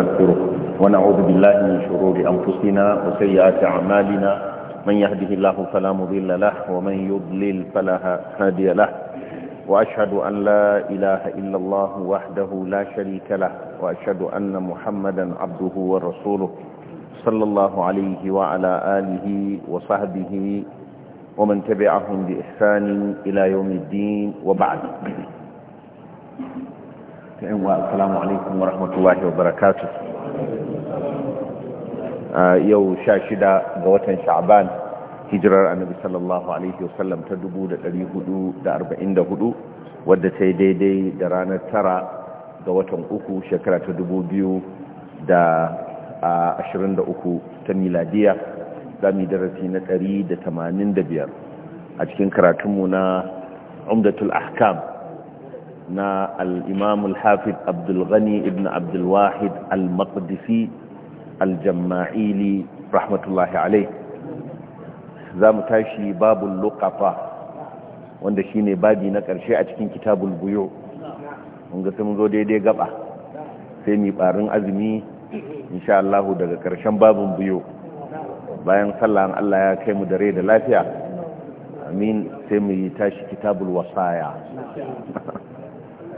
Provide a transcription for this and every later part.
ونستغفره ونعوذ بالله من شرور أنفسنا وسيئات أعمالنا من يهده الله فلا مضل له ومن يضلل فلا هادي له وأشهد أن لا إله إلا الله وحده لا شريك له وأشهد أن محمدا عبده ورسوله صلى الله عليه وعلى آله وصحبه ومن تبعهم بإحسان إلى يوم الدين وبعد yan wa assalamu alaikum wa rahmatullahi wa barakatu yau sha shida ga watan sha'aban hijirar annabi sallallahu alaihi wasallam ta dubu da dari hudu da arba'in da hudu wadda ta yi daidai da ranar tara ga watan uku shekara ta dubu biyu da ashirin da uku ta miladiya zami darasi na ɗari da tamanin da biyar a cikin karatunmu na umdatul ahkam na al-imam al-hafiz abdul ghani ibn abdul wahid al-maqdisi al-jamma'ili rahmatullahi za zamu tashi babul lokafa wanda shine babi na karshe a cikin kitabul buyo mun sai zo daidai gaba sai mi barin azumi insha allahu daga karshen babun buyo bayan sallah Allah ya kai mu dare da lafiya amin sai mu yi tashi kitabul wasaya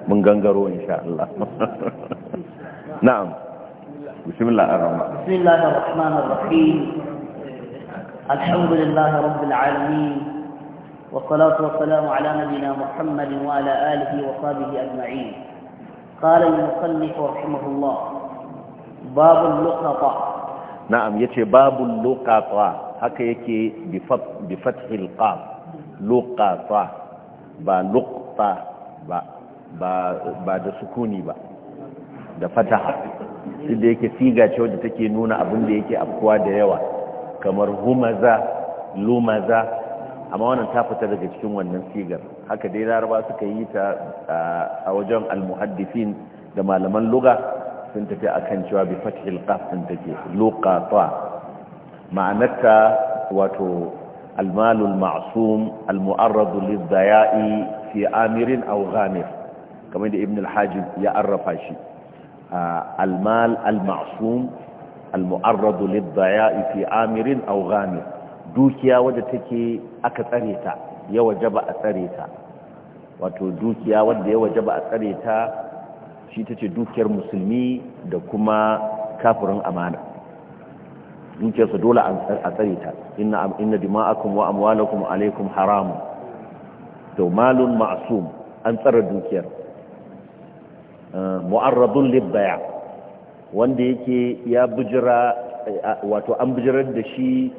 mun gangaro insha na'am bismillah arrahman bismillah arrahman arrahim alhamdulillah rabbil alamin wa salatu wa salam ala nabina wa ala alihi wa sahbihi ajma'in qala al-musannif rahimahullah bab al na'am yace bab al-luqata haka yake bi fath ba luqta ba ba da sukuni ba da fataha duk da yake siga ce wadda take nuna abin da yake afkuwa da yawa kamar humaza lumaza amma wannan ta fita daga cikin wannan sigar haka dai laraba suka yi ta a wajen almuhaddifin da malaman luga sun tafi akan cewa bi fathil qaf sun take luqata ma'anarta wato almalul ma'sum almu'arrad lidhaya'i fi amirin aw ghamir kamar da ibn al-hajib ya arrafa shi al-mal al-ma'sum al-mu'arrad lid-daya'i fi amirin aw ghamir dukiya wadda take aka tsare ta ya wajaba a tsare ta wato dukiya wadda ya wajaba a tsare ta shi tace dukiyar musulmi da kuma kafirin amana dukiyar dukiyarsa dole a tsare ta inna inna dima'akum wa amwalakum alaikum haramun to malun ma'sum an tsara dukiyar mu'arradun libbaya wanda yake ya bujira wato an bujirar da shi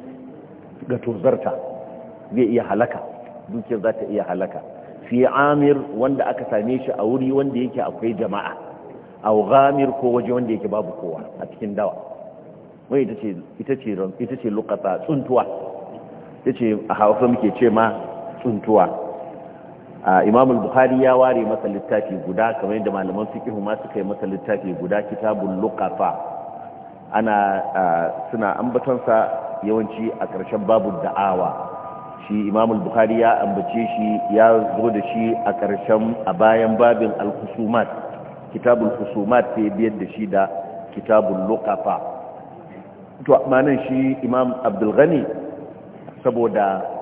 ga tuzarta zai iya halaka dukiyar za ta iya halaka fi amir wanda aka same shi a wuri wanda yake akwai jama'a a ghamir ko waje wanda yake babu kowa a cikin dawa wai ita ce lokata tsuntuwa ita ce a hausa muke ce ma tsuntuwa imam al-bukhari ya ware masa littafi guda kamar yadda malaman fiqh ma suka yi masa littafi guda kitabul luqafa ana suna ambaton sa yawanci a ƙarshen babu da'awa shi imam al-bukhari ya ambace shi ya zo da shi a ƙarshen a bayan babin al-husumat kitabul husumat sai biyar da shi da kitabul luqafa to nan shi imam abdul ghani saboda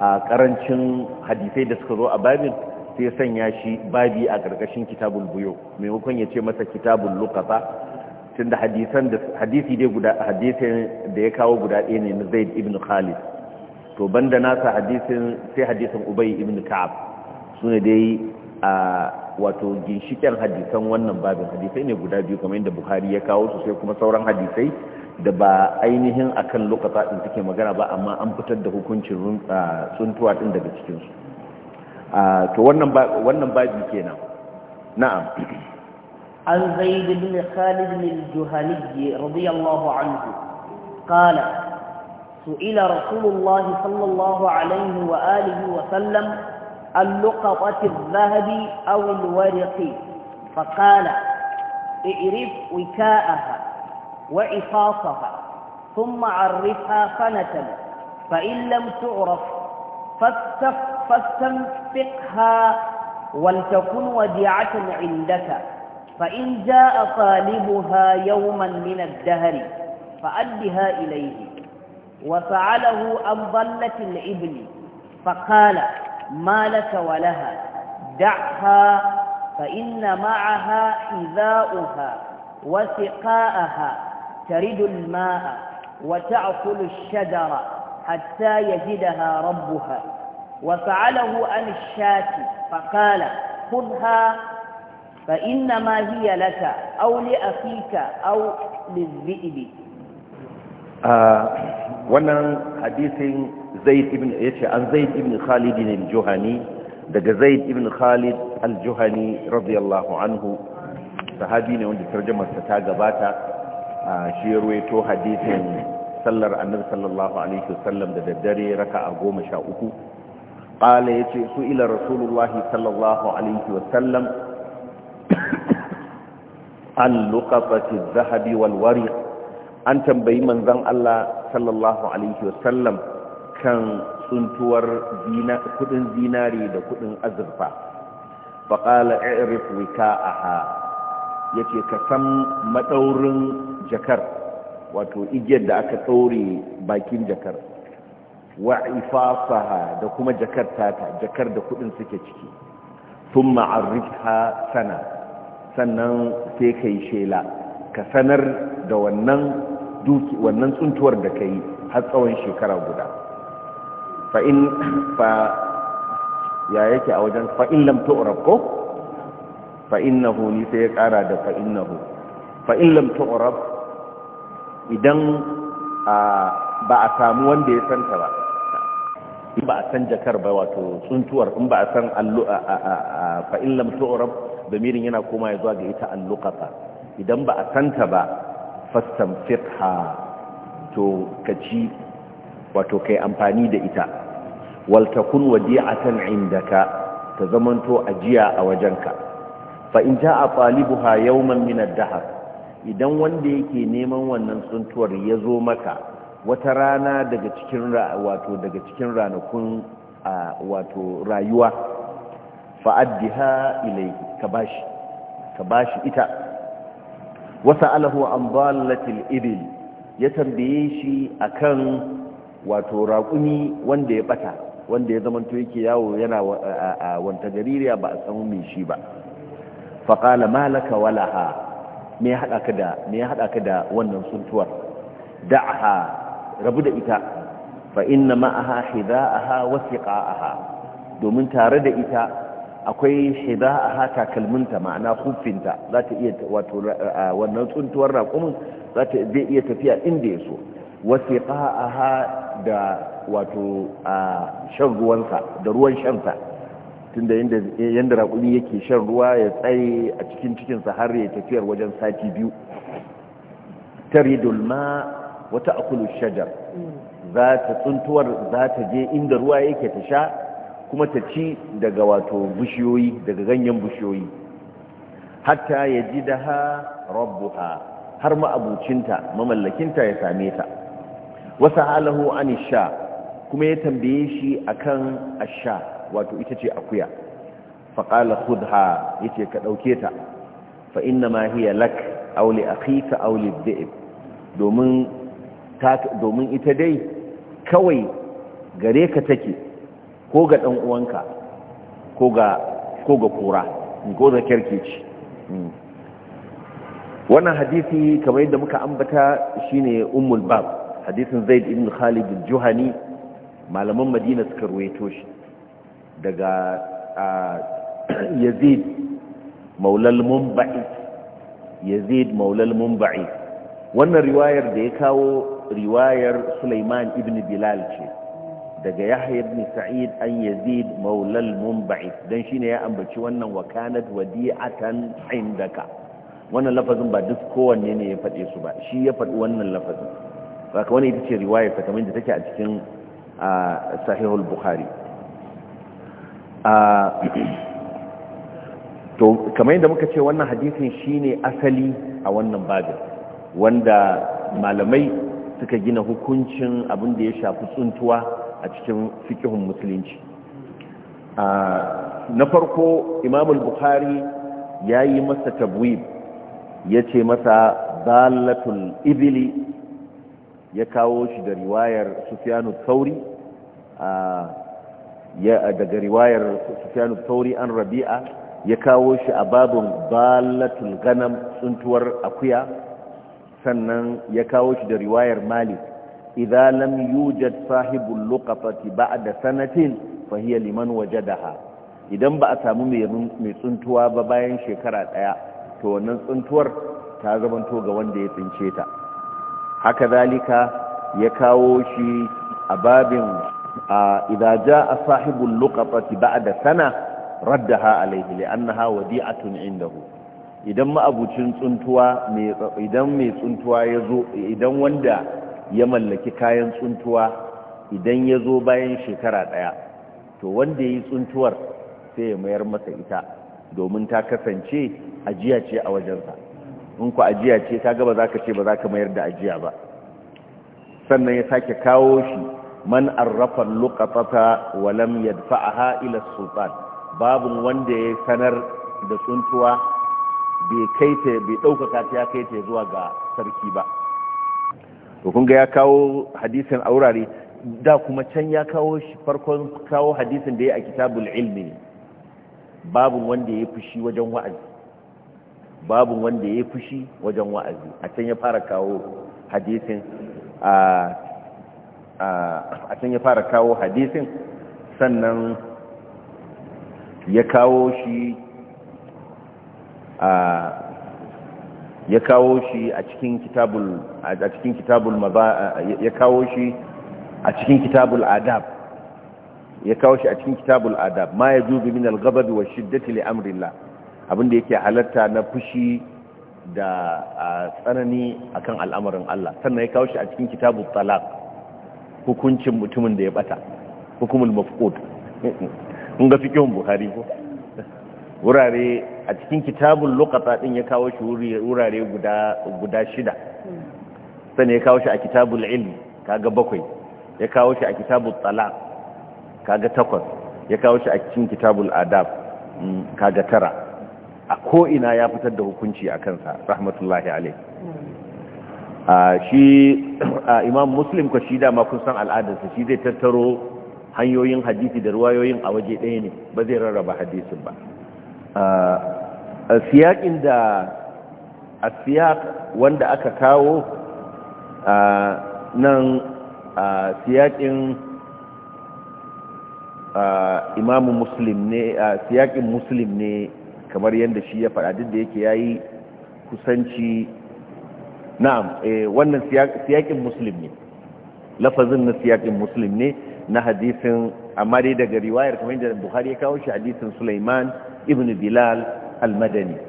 a karancin hadisai da suka zo a babin sai sanya shi babi a ƙarƙashin kitabul buyo maimakon ya ce masa kitabul lukata tun da hadisi da ya kawo guda ɗaya ne na zaid ibn khalid to banda nasa hadisin sai hadisin ubay ibn ka'ab su ne dai a wato ginshiken hadisan wannan babin hadisai ne guda biyu kamar yadda buhari ya kawo su sai kuma sauran hadisai da ba ainihin akan lokata din take magana ba amma an fitar da hukuncin tsuntuwa din daga cikin su to wannan ba wannan babi kenan na'am an zaid bin khalid bin juhali radiyallahu anhu qala سئل رسول الله صلى الله عليه وآله وسلم اللقطة الذهب أو الورق فقال اعرف وكاءها وإخاصها ثم عرفها سنة فإن لم تعرف فاستنفقها ولتكن وديعة عندك فإن جاء طالبها يوما من الدهر فأدها إليه وفعله أن ظلت الإبل فقال ما لك ولها دعها فإن معها حذاؤها وسقاءها ترد الماء وتأكل الشجر حتى يجدها ربها وفعله عن الشاة فقال خذها فإنما هي لك أو لأخيك أو للذئب wannan hadisin zaid ibn yace an ibn khalid al-juhani daga zaid ibn khalid aljuhani juhani radiyallahu anhu sahabi ne wanda ta gabata A shi ya ruwaito hadisin sallar annabi sallallahu alaihi wasallam da daddare raka'a goma sha uku ƙala ya ce su ila rasulullahi sallallahu alaihi wasallam an luqatati adh-dhahabi wal wariq an tambayi manzon Allah sallallahu alaihi wasallam kan tsuntuwar zina kudin zinari da kudin azurfa faqala i'rif ha. ya ce ka san maɗaurin jakar wato igiyar da aka tsore bakin jakar wa ifafaha da kuma jakar tata jakar da kudin suke ciki sun ma'arrika sana sannan sai ka yi shela ka sanar da wannan duki wannan tsuntuwar da ka yi har tsawon shekara guda fa'in fa ya yake a wajen fa'in lamta fa'innahu ni sai ya ƙara da fa'innahu fa'in lamta idan ba a samu wanda ya santa ba in ba a san jakar ba wato tsuntuwar in ba a san fa'in lamta da mirin yana koma ya zuwa ga ita allukata idan ba a santa ba fastan fiqha to kaci wato kai amfani da ita waltakun wadi'atan ka ta zamanto ajiya a wajenka fa a jaa talibuha yawman min ad-dahr idan wanda yake neman wannan suntuwar ya zo maka wata rana daga cikin wato daga cikin ranakun wato rayuwa fa ha ilayhi ka bashi ka bashi ita wata alahu an latin ibil ya tambaye shi akan wato raƙumi wanda ya bata wanda ya zamanto yake yawo yana wanta jaririya ba a san me shi ba faƙala malaka walaha me ya haɗa ka da me ya haɗa ka da wannan suntuwar da'aha rabu da ita fa inna ma'aha hidaaha wa siqaaha domin tare da ita akwai hidaaha takalminta ma'ana kufinta, za ta iya wato wannan suntuwar raƙumin za ta zai iya tafiya inda ya so wa siqaaha da wato shan ruwansa da ruwan shansa tunda yadda raƙumi yake shan ruwa ya tsaye a cikin cikinsa har ya tafiyar wajen sati biyu taridul ma wata akulu shajar za ta tsuntuwar za ta je inda ruwa yake ta sha kuma ta ci daga wato bishiyoyi daga ganyen bishiyoyi hatta ya ji da ha rabbuha har ma'abucinta mamallakinta ya same ta wasa halahu an sha kuma ya tambaye shi akan asha wato ita ce akuya faƙala ya yace ka ɗauke ta fa inna ma hiya lak aw akhika aw domin domin ita dai kawai gare ka take ko ga ɗan uwanka ko ga ko ga kura ko ga kirkici. Hmm. wannan hadisi kamar yadda muka ambata shine ummul bab hadisin zaid ibn khalid al-juhani malaman madina suka ruwaito shi daga yazid maulal mumba'i yazid maulal mumba'i wannan riwayar da ya kawo riwayar Suleiman ibn Bilal ce daga Yahya ibn Sa'id an Yazid maulal mumba'i dan shine ya ambaci wannan wakanat wadi'atan indaka wannan lafazin ba duk kowanne ne ya faɗe su ba shi ya faɗi wannan lafazin saka wannan ita ce riwayar ta kamar da take a cikin sahihul bukhari to kamar yadda muka ce wannan hadisin shine asali a wannan babin wanda malamai suka gina hukuncin abin da ya shafi tsuntuwa a cikin fikihun musulunci na farko imamul bukhari ya yi masa tabwib ya ce masa dalatul ibili ya kawo shi da riwayar sufyanu sauri. a ya daga riwayar Sufyan sauri an Rabi'a ya kawo shi a babun balatul ganam tsuntuwar akuya sannan ya kawo shi da riwayar Malik idza lam yujad sahibul luqafati ba'da sanatin fa hiya liman wajadaha idan ba a samu mai tsuntuwa ba bayan shekara daya to wannan tsuntuwar ta zamanto ga wanda ya tsince ta haka zalika ya kawo shi a babin idza jaa sahibul luqatati ba'da sana raddaha alayhi li'annaha wadi'atun indahu idan ma'abucin tsuntuwa idan mai tsuntuwa idan wanda ya mallaki kayan tsuntuwa idan yazo bayan shekara daya to wanda yi tsuntuwar sai ya mayar masa ita domin ta kasance ajiya ce a wajensa in ku ajiya ce ba za ka ce ba za ka mayar da ajiya ba sannan ya sake kawo shi man arrafa luqatata wa lam yadfa'aha ila sultan babu wanda ya sanar da tsuntuwa bai ɗaukaka ta ya kai ta zuwa ga sarki ba to kun ga ya kawo hadisin aurare da kuma can ya kawo shi farkon kawo hadisin da ya a kitabul ilmi babu wanda ya fushi wajen wa'azi babu wanda ya fushi wajen wa'azi a can ya fara kawo hadisin a a can ya fara kawo hadisin sannan ya kawo shi a ya kawo shi a cikin kitabul a cikin kitabul maza ya kawo shi a cikin kitabul adab ya kawo shi a cikin kitabul adab ma ya yajuzu min al-ghadab wa shiddati li amrillah abinda yake halatta na fushi da tsanani akan al'amarin Allah sannan ya kawo shi a cikin kitabul talaq hukuncin mutumin da ya bata hukumul mafqud in ga fikihun buhari ko wurare a cikin kitabul luqata din ya kawo shi wurare guda guda shida sai ya kawo shi a kitabul ilm kaga bakwai ya kawo shi a kitabul talaq kaga takwas ya kawo shi a cikin kitabul adab mm, kaga tara a ko ina ya fitar da hukunci a kansa rahmatullahi alaihi shi imam muslim ko shi dama kun san al'adarsa shi zai tattaro hanyoyin hadisi da ruwayoyin a waje ɗaya ne ba zai rarraba hadisin ba siyaƙin da a siyaƙ wanda aka kawo nan siyaƙin imamu muslim ne siyaƙin muslim ne kamar yadda shi ya faɗa da yake ya yi kusanci na'am eh, wannan siyakin muslim ne lafazin na siyakin muslim ne na hadisin amma dai daga riwayar kamar yadda buhari ya kawo shi hadisin sulaiman ibn bilal al-madani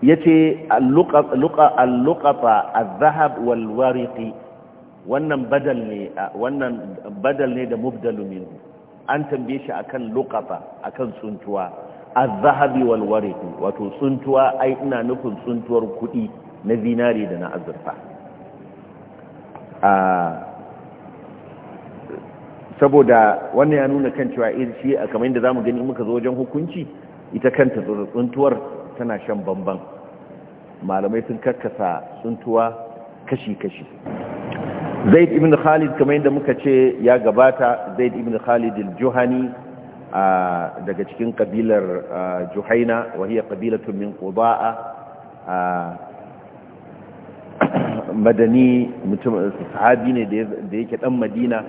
ya ce al luƙafa al-zahab wal wannan badal ne da mubdalu min an tambaye shi akan luqata akan suntuwa al-zahabi wal-wariqi wato suntuwa ai ina nufin suntuwar kuɗi na zinari da na azurfa saboda wannan ya nuna kan cewa eh, shi a kamar yadda za mu gani muka zo wajen hukunci ita kanta tsuntuwar tana shan bamban malamai sun karkasa tsuntuwa kashi-kashi zaid ibn khalid kamar yadda muka ce ya gabata zaid ibn khalid al-juhani daga cikin kabilar juhaina wahiyar kabilatun min qudaa madani mutum sahabi ne da yake dan madina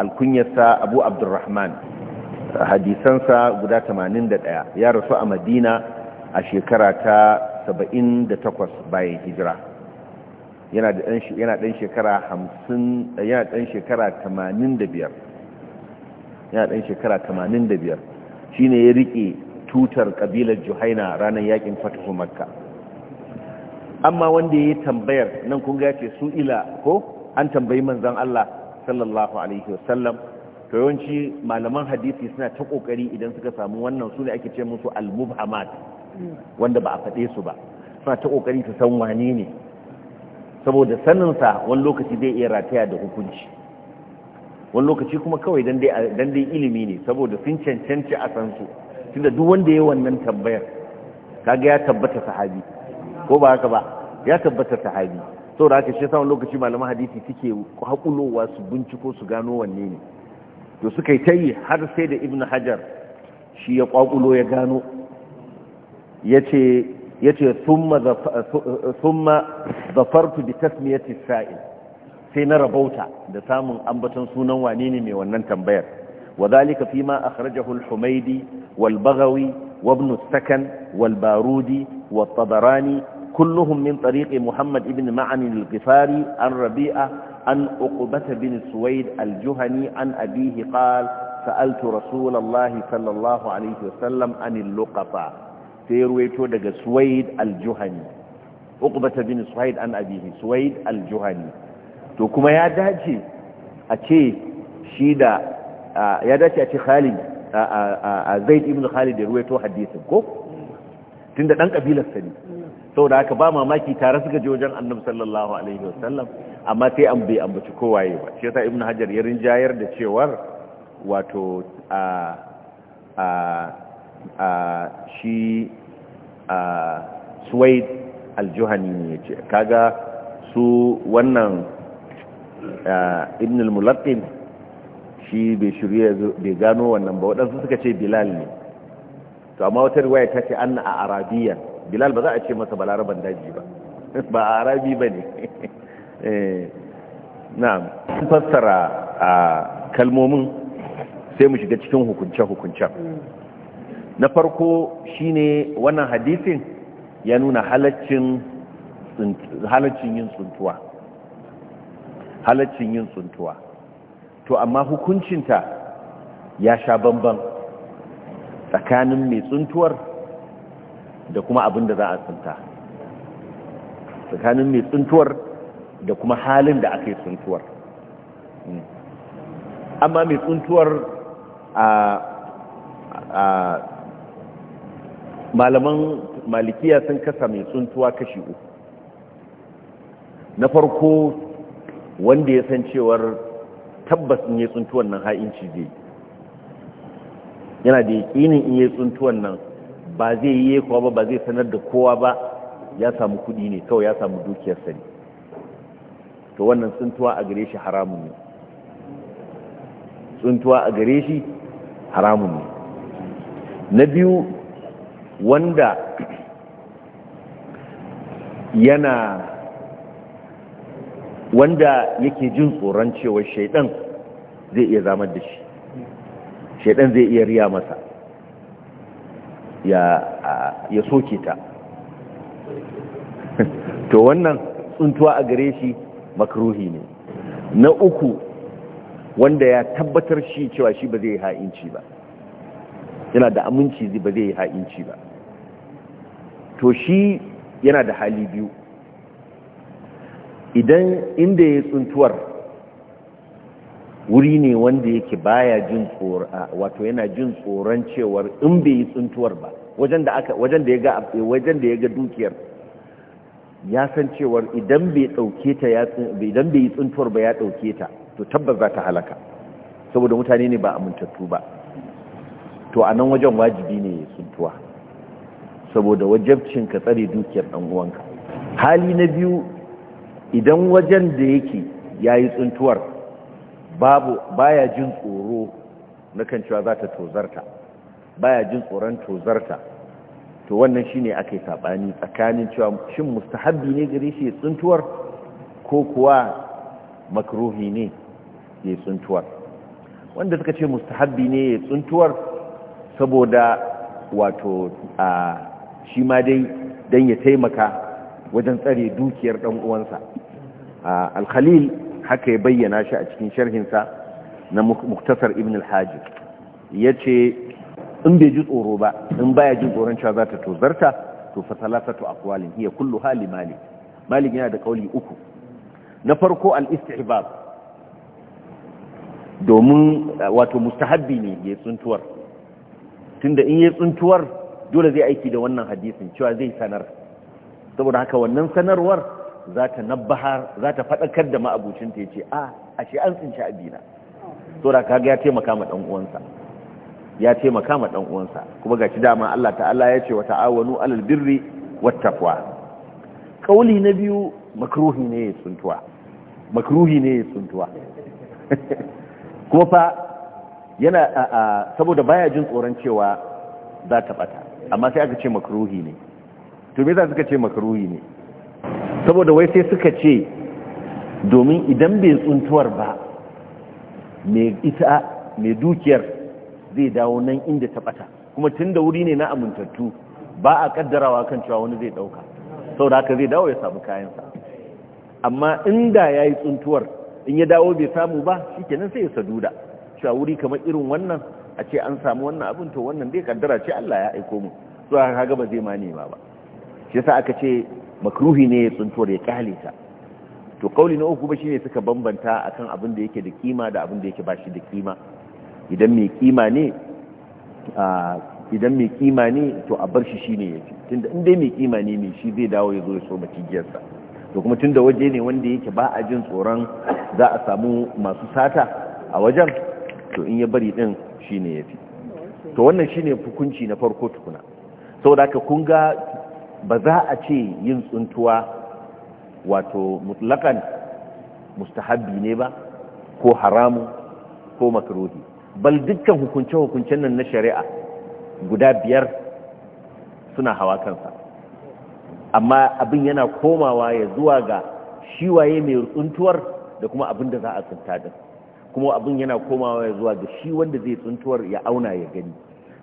alkunyarsa abu abdurrahman hadisansa guda 81 ya rasu a madina a shekara ta 78 bayan hijira yana dan shekara 50 yana dan shekara 85 yana dan shekara 85 shine ya rike tutar kabilar juhaina ranar yakin fatahu makkah amma wanda ya tambayar nan kun gace su ila ko an tambayi manzon Allah sallallahu alaihi wasallam to yawanci malaman hadisi suna ta kokari idan suka samu wannan su ne ake ce musu al-mubhamat wanda ba a faɗe su ba suna ta kokari su san wane ne saboda sanin sa wani lokaci zai iya rataya da hukunci wani lokaci kuma kawai dan dai dan dai ilimi ne saboda sun cancanci a san su tunda duk wanda ya wannan tambayar kaga ya tabbata sahabi ko ba haka ba ya tabbata sahabi saboda haka shi samun lokaci malaman hadisi suke haƙulowa su binciko su gano wanne ne to suka yi tayi har sai da ibn hajar shi ya ƙwaƙulo ya gano yace ce thumma zafartu bi tasmiyati sa'il sai na rabauta da samun ambaton sunan wane ne mai wannan tambayar وذلك فيما أخرجه الحميدي والبغوي وابن السكن والبارودي والطبراني كلهم من طريق محمد بن معن القفاري عن ربيعة عن أقبة بن سويد الجهني عن أبيه قال سألت رسول الله صلى الله عليه وسلم عن اللقطة سيرويتو دق سويد الجهني أقبة بن سويد عن أبيه سويد الجهني to kuma ya dace a ce shi da ya dace a ce khalid a zaid ibn khalid ya ruwaito hadisin ko tunda dan kabilar sani saboda haka ba mamaki tare suka ji wajen annabi sallallahu alaihi wasallam amma sai an bai ambaci kowaye ba shi yasa ibnu hajar ya rinjayar da cewar wato a a a shi a suwaid aljuhani ne yace kaga su wannan ibn al-mulaqqin shi bai shirye bai gano wannan ba wadansu suka ce bilal ne to amma wata riwaya ta ce anna a arabiya bilal ba za a ce masa balaraban daji ba ba a arabi ba ne eh, Na fassara a kalmomin sai mu shiga cikin hukunce-hukuncen na farko shine wannan hadisin ya nuna halaccin yin tsuntuwa halaccin yin tsuntuwa to amma hukuncinta ya sha bambam tsakanin mai tsuntuwar da kuma abin da za a tsunta tsakanin mai tsuntuwar da kuma halin da aka yi tsuntuwar hmm. amma mai tsuntuwar a malaman malikiya sun kasa mai tsuntuwa kashi uku na farko wanda ya san cewar tabbas ne yi tsuntuwan nan ha'inci zai yi yana da yakinin in yi tsuntuwan nan ba zai yi kowa ba ba zai sanar da kowa ba ya samu kuɗi ne kawai ya samu dukiyar sani to wannan tsuntuwa a gare shi haramun ne tsuntuwa a gare shi haramun ne na biyu wanda yana wanda yake jin tsoron cewa shaidan zai iya zamar da shi shaidan zai iya riya masa ya soke ta to wannan tsuntuwa a gare shi makruhi ne na uku wanda ya tabbatar shi cewa shi ba zai yi ha'inci ba yana da aminci ba zai yi ha'inci ba to shi yana da hali biyu idan inda ya tsuntuwar wuri ne wanda yake baya jin tsoron wato yana jin tsoron cewar in bai yi tsuntuwar ba wajen da ya ga dukiyar ya san cewar idan bai yi tsuntuwar ba ya dauke ta to tabbas za ta halaka saboda mutane ne ba amintattu ba to a nan wajen wajibi ne tsuntuwa saboda wajabcin ka tsare dukiyar dan uwanka hali na biyu idan wajen da yake yayi tsuntuwar babu baya jin tsoro na kan cewa za ta tozarta baya jin tsoron tozarta to wannan shine ake sabani tsakanin cewa shin mustahabbi ne gare shi tsuntuwar ko kuwa makruhi ne ya tsuntuwar wanda suka ce mustahabbi ne ya tsuntuwar saboda wato a shi ma dai don ya taimaka wajen tsare dukiyar ɗan uwansa al-khalil haka ya bayyana shi a cikin sharhinsa na muktasar ibn al ya ce in bai ji tsoro ba in baya jin tsoron cewa za ta tozarta to fa aqwalin hiya kullu hali malik malik yana da kauli uku na farko al-istihbab domin eh, wato mustahabbi ne ya tsuntuwar tunda in ya tsuntuwar dole zai aiki da wannan hadisin cewa zai sanar saboda haka wannan sanarwar za ta nabbahar za ta faɗakar da ma'abucinta ya ce a ashe an tsinci abina to da kaga ya taimaka ma ɗan uwansa ya taimaka ma ɗan uwansa kuma gashi dama Allah ta'ala ya ce wa ta'awanu alal birri wat taqwa kauli na biyu makruhi ne ya tsuntuwa makruhi ne ya tsuntuwa kuma fa yana saboda baya jin tsoron cewa za ta bata amma sai aka ce makruhi ne to me za suka ce makruhi ne saboda wai sai suka ce domin idan bai tsuntuwar ba mai ita mai dukiyar zai dawo nan inda ta bata kuma tun da wuri ne na amintattu ba a kaddarawa kan cewa wani zai dauka da haka zai dawo ya samu kayansa amma inda ya yi tsuntuwar in ya dawo bai samu ba shi kenan sai ya saduda cewa wuri kamar irin wannan a ce an samu wannan abin to wannan dai kaddara ce Allah ya aiko mu zuwa haka ba zai ma nema ba shi yasa aka ce makruhi ne ya da ya kyale ta to kauli na uku ba ne suka bambanta a kan abin da yake da kima da abin da yake bashi da kima idan mai kima ne idan mai kima ne to a bar shi shine fi, tunda in dai mai kima ne mai shi zai dawo ya zo ya so macijiyarsa to kuma tunda waje ne wanda yake ba a jin tsoron za a samu masu sata a wajen to in ya bari din shine fi, to wannan shine hukunci na farko tukuna saboda haka kun ga ba za a ce yin tsuntuwa wato mutlakan mustahabbi ne ba ko haramu ko makruhi bal dukkan hukunce-hukuncen nan na shari'a guda biyar suna hawa kansa amma abin yana komawa ya zuwa ga shiwaye mai tsuntuwar da kuma abin da za a tsunta da kuma abin yana komawa ya zuwa ga shi wanda zai tsuntuwar ya auna ya gani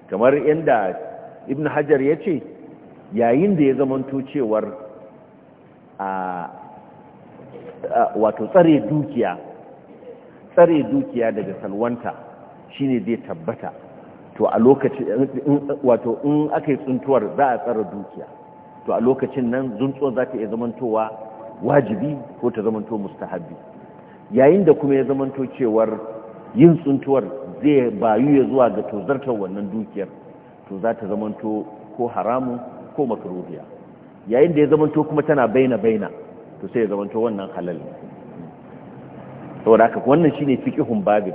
kamar yadda ibn hajar ya ce yayin da ya zama cewar a wato tsare dukiya tsare dukiya daga salwanta shine zai tabbata to a lokacin wato in aka yi tsuntuwar za a tsara dukiya to a lokacin nan zuntsuwa za ta iya zamantowa wajibi ko ta zamanto mustahabi yayin da kuma ya zamanto cewar yin tsuntuwar zai bayu ya zuwa ga tozartar wannan dukiyar to za ta zamanto ko haramun ko makarubiya yayin da ya zamanto kuma tana baina baina to sai ya zamanto wannan halal ne saboda haka wannan shine fiqhun babu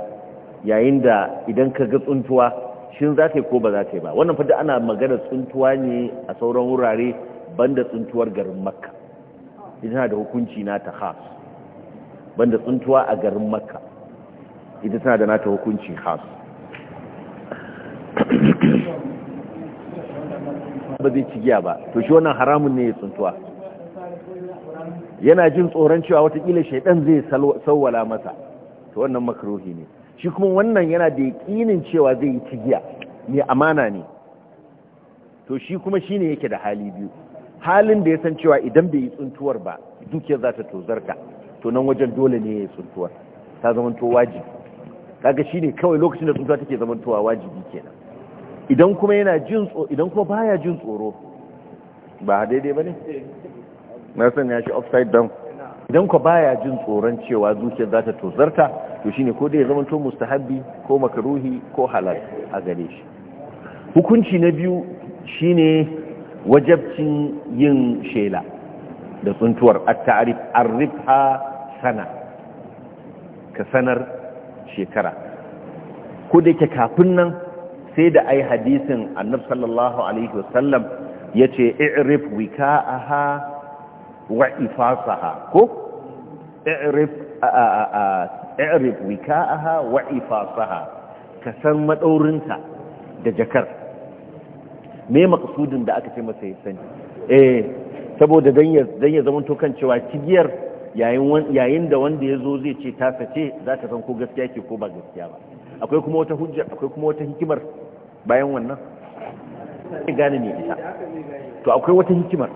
yayin da idan ka ga tsuntuwa shin za ka yi ko ba za ka yi ba wannan fa ana magana tsuntuwa ne a sauran wurare banda tsuntuwar garin makka ita da hukunci na ta khas banda tsuntuwa a garin makka ita tana da nata hukunci khas ba zai ci giya ba to shi wannan haramun ne ya tsuntuwa yana jin tsoron cewa watakila shaidan zai sauwala masa to wannan makarohi ne shi kuma wannan yana da yakinin cewa zai yi cigiya mai amana ne to shi kuma shi ne yake da hali biyu halin da ya san cewa idan bai yi tsuntuwar ba dukiyar za ta tozarta to nan wajen dole ne ya yi tsuntuwar ta zamantowa wajibi kaga ne kawai lokacin da tsuntuwa take zamantowa wajibi kenan idan kuma yana jin tsoro idan kuma baya jin tsoro ba daidai bane na san ya shi upside down idan kuma baya jin tsoron cewa zuciyar za ta tozarta to shine ko dai ya zama to mustahabbi ko makruhi ko halal a gare shi hukunci na biyu shine wajabcin yin shela da tsuntuwar at-ta'rif sana ka sanar shekara ko da yake kafin nan sai da ai hadisin annab sallallahu alaihi wasallam ya ce i'rif wika'aha wa ifasaha ko i'rif i'rif wika'aha wa ifasaha ka san madaurinta da jakar me maqsudin da aka ce masa ya sani eh saboda dan ya dan ya zama to kan cewa kigiyar yayin yayin da wanda yazo zai ce ta sace zaka san ko gaskiya ke ko ba gaskiya ba akwai kuma wata hujja akwai kuma wata hikimar bayan wannan ne gane ne isa to akwai wata hikimar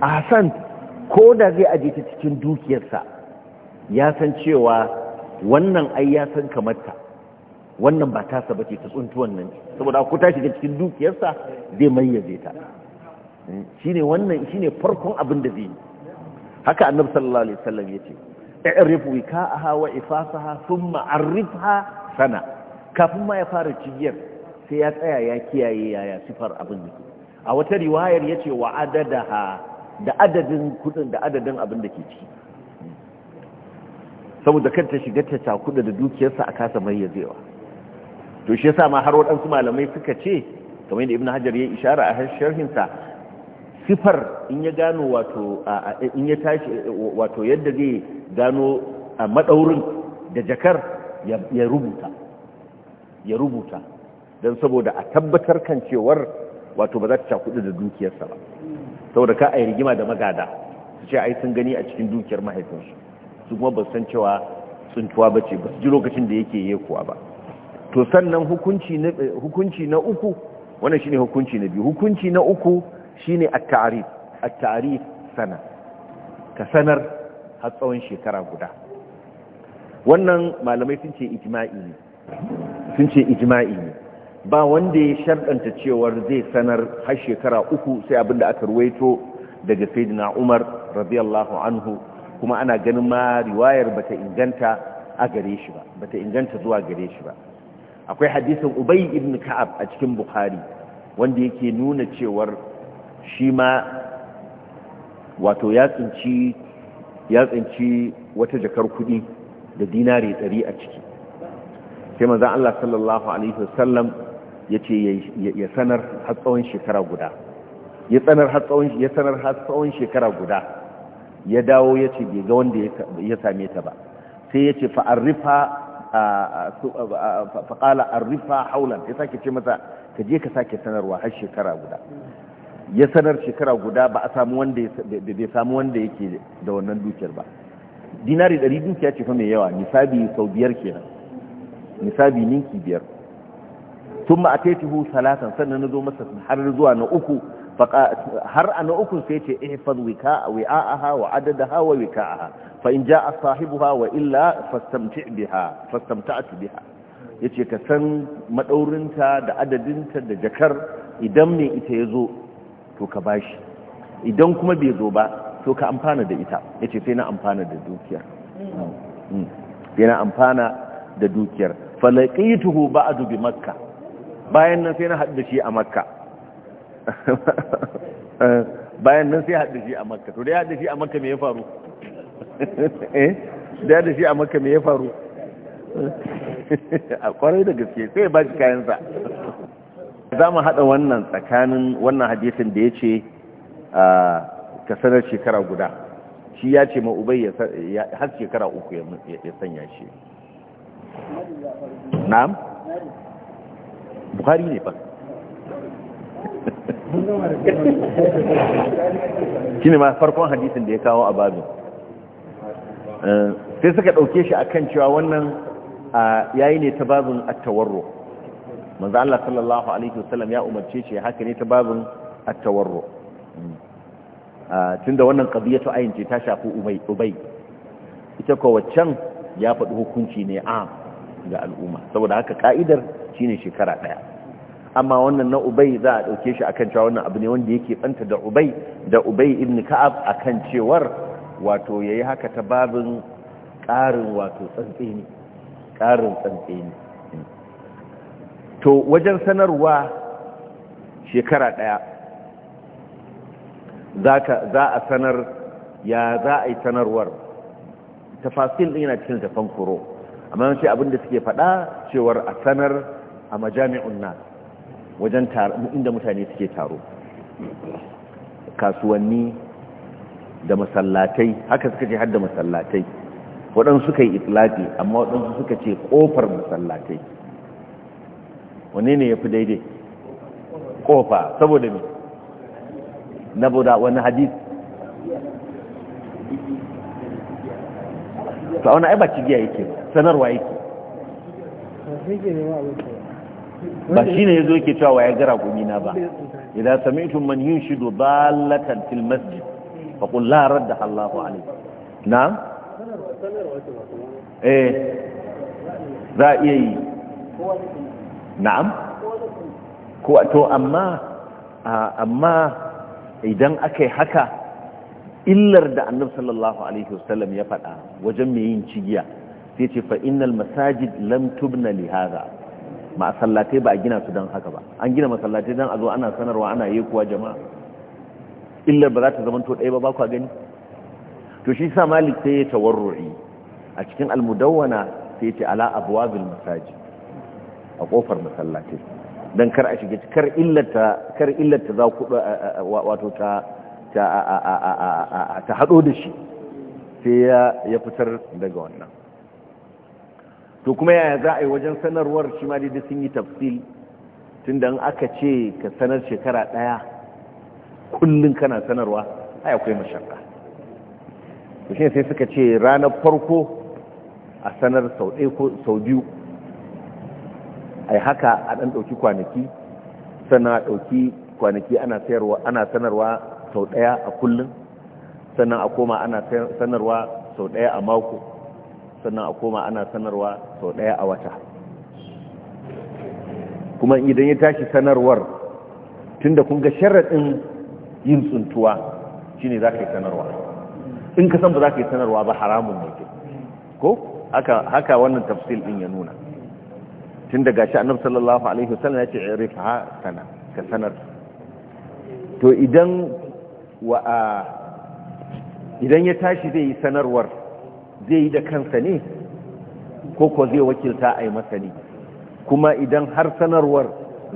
a hasan ko da zai aje ta cikin dukiyarsa ya san cewa wannan ai ya san kamarta wannan ba ta saba ce ta tsuntuwan nan saboda ko ta shiga cikin dukiyarsa zai zai ta hmm, shine wannan shine farkon abin da zai yi haka annabi sallallahu alaihi wasallam yace i'rif wika'aha wa ifasaha thumma arifha sana kafin ma ya fara cigiyar sai ya tsaya ya kiyaye yaya sifar abin da ke a wata riwayar ya ce wa ha da adadin kudin da adadin abin da ke ciki saboda kan ta shiga ta kudu da dukiyarsa a kasa mai yazewa to shi yasa ma har waɗansu malamai suka ce kamar da ibn hajar ya ishara a sharhinsa sifar in ya gano wato tashi wato yadda zai gano a madaurin da jakar ya rubuta ya rubuta don saboda a tabbatar kan cewar wato ba za ta cakudu da dukiyarsa ba saboda ka a yi rigima da magada su ce ai sun gani a cikin dukiyar mahaifinsu su kuma ba san cewa sun tuwa ba ce ba su ji lokacin da yake yi kuwa ba to sannan hukunci na uku wannan shine hukunci na biyu hukunci na uku shine a tarif tarif sana ka sanar har tsawon shekara guda wannan malamai sun ce ijma'i ne sun ce ijma'i ne ba wanda ya sharɗanta cewar zai sanar har shekara uku sai abin da aka ruwaito daga sayyidina Umar radiyallahu anhu kuma ana ganin ma riwayar bata inganta a gare shi ba bata inganta zuwa gare shi ba akwai hadisin ubai ibn Ka'ab a cikin Bukhari wanda yake nuna cewar shi ma wato ya tsinci wata jakar kuɗi da dinari tsari a ciki sai manzan Allah sallallahu alaihi wasallam ya ce ya sanar hatsawon shekara guda ya sanar hatsawon shekara guda ya dawo ya ce bai ga wanda ya same ta ba sai ya ce fa’ala faƙala arrifa haulan ya sake ce masa ka je ka sake sanarwa har shekara guda ya sanar shekara guda ba a samu wanda samu wanda yake da wannan dukiyar ba dinari ɗari dukiya ce fa mai yawa nisabi sau biyar kenan nisabi ninki biyar sun ma'ataituhu salatan sannan na zo masa har zuwa na uku har a na uku sai ce a wi'a'aha wa ha wa ha fa in ja sahibu ha wa illa fastamti' biha ya ce yace ka san madaurinta da adadinta da jakar idan mai ita yazo to ka bashi idan kuma bai zo ba to ka amfana da ita ya ce sai na amfana da dukiyar hmm. sai na amfana da dukiyar ba a dubi makka bayan nan sai na haɗu da shi a makka bayan nan sai haɗu da shi a makka to da ya haɗu da shi a makka me ya faru eh da ya haɗu da shi a makka me ya faru a kwarai da gaske sai ba shi kayansa za mu haɗa wannan tsakanin wannan hadisin da ya ce ah, ka sanar shekara guda shi ya ce ma ya har shekara uku ya sanya shi na'am buhari ne ba shi ne ma farkon hadisin da ya kawo a babin eh, sai suka ɗauke shi a kan cewa wannan yayi ne ta babin attawarro manzo Allah sallallahu alaihi wasallam ya umarce shi haka ne ta babin attawarro hmm. tunda wannan qadiyatu ayin ce ta shafi ubai ubai ita ko ya faɗi hukunci ne a ga al'umma saboda haka ka'idar shine shekara daya amma wannan na ubai za a dauke shi akan cewa wannan abu ne wanda yake banta da ubai da ubai ibn ka'ab akan cewar wato yayi haka ta babin ƙarin wato tsantseni ƙarin tsantseni to wajen sanarwa shekara ɗaya za a sanar ya za a yi sanarwar tafasil ɗin yana cikin tafan furo amma yawanci abinda suke faɗa cewar a sanar a majami'un na wajen inda mutane suke taro kasuwanni da masallatai haka suka ce hadda masallatai waɗansu suka yi itlaƙi amma waɗansu suka ce ƙofar masallatai wane ne ya fi daidai ƙofa saboda mai na wani hadis to wani ai ba cigiya yake sanarwa yake ba shi ne ya zo yake cewa ya gara gumina ba idan sami'tum man yunshidu dallatan fil masjid fa qul la radda Allahu alayhi na eh za a iya yi na'am ko to amma amma idan aka yi haka illar da annab sallallahu alaihi wasallam ya faɗa wajen mai yin cigiya sai ce fa innal masajid lam tubna li a ma sallatai ba a gina su don haka ba an gina masallatai don a zo ana sanarwa ana yi kuwa jama'a illar ba za ta zama to ɗaya ba ba kwa gani to shi sa malik sai ya tawarru'i a cikin almudawwana sai ya ce ala abwabil masajid a kofar masallatai don kar a shiga kar illata kar illata za ku wato ta ta ta hado da shi sai ya fitar daga wannan to kuma yaya za a yi wajen sanarwar shi ma da sun yi tafsil tunda in aka ce ka sanar shekara daya kullun kana sanarwa ai akwai mashakka to shi sai suka ce ranar farko a sanar sau ɗaya ko sau biyu ai haka a ɗan ɗauki kwanaki sannan a ɗauki kwanaki ana sayarwa ana sanarwa sau ɗaya a kullum sannan a koma ana sanarwa sau ɗaya a mako sannan a koma ana sanarwa sau ɗaya a wata kuma idan ya tashi sanarwar tunda kun ga sharaɗin yin tsuntuwa shine za ka yi sanarwa in ka san ba za ka yi sanarwa ba haramun ne ko haka wannan tafsil ɗin ya nuna tun da shi annabi sallallahu alaihi wasallam ya ce rifa sana ka sanar to idan wa idan ya tashi zai yi sanarwar zai yi da kansa ne ko ko zai wakilta a yi masa kuma idan har sanarwar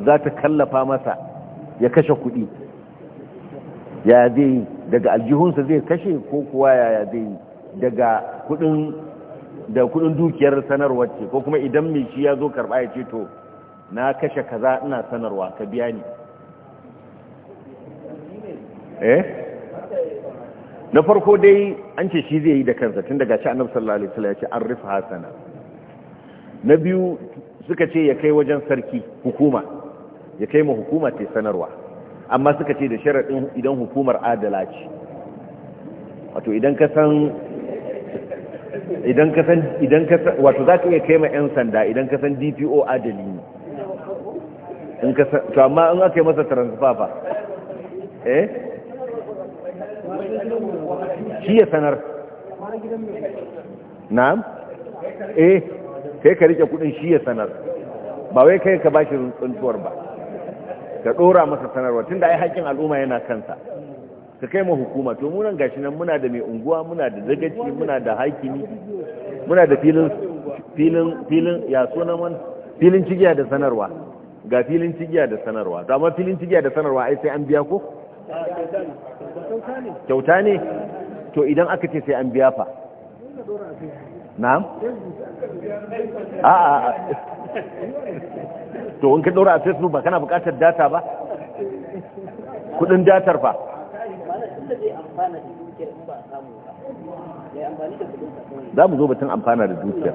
za ta kallafa masa ya kashe kuɗi ya zai daga aljihunsa zai kashe ko kuwa ya zai daga kuɗin da kudin dukiyar sanarwar ce ko kuma idan mai shi ya zo karba ya ce to na kashe kaza ina sanarwa ka biya ni eh na farko dai an ce shi zai yi da kansa tun daga shi annabi sallallahu alaihi wasallam ya ce rufe hasana na biyu suka ce ya kai wajen sarki hukuma ya kai ma hukuma ta sanarwa amma suka ce da sharaɗin idan hukumar adala ce wato idan ka san idan ka san idan ka wato za ka iya kai ma 'yan sanda idan ka san dpo adali ne in ka san to amma in aka yi masa transfer fa eh shi ya sanar na'am eh kai ka rike kudin shi ya sanar ba wai kai ka bashi tsuntuwar ba ka dora masa sanarwa tunda ai haƙƙin al'umma yana kansa ka kai ma hukuma to mun nan gashi nan muna da mai unguwa muna da zagaci muna da hakimi muna da filin filin filin ya sunan man filin cigiya da sanarwa ga filin cigiya da sanarwa to amma filin cigiya da sanarwa ai sai an biya ko kyauta ne to idan aka ce sai an biya fa na'am a a to in ka dora a facebook ba kana bukatar data ba kudin datar fa da ba samu da kudin sa za mu zo batun amfana da dukiyar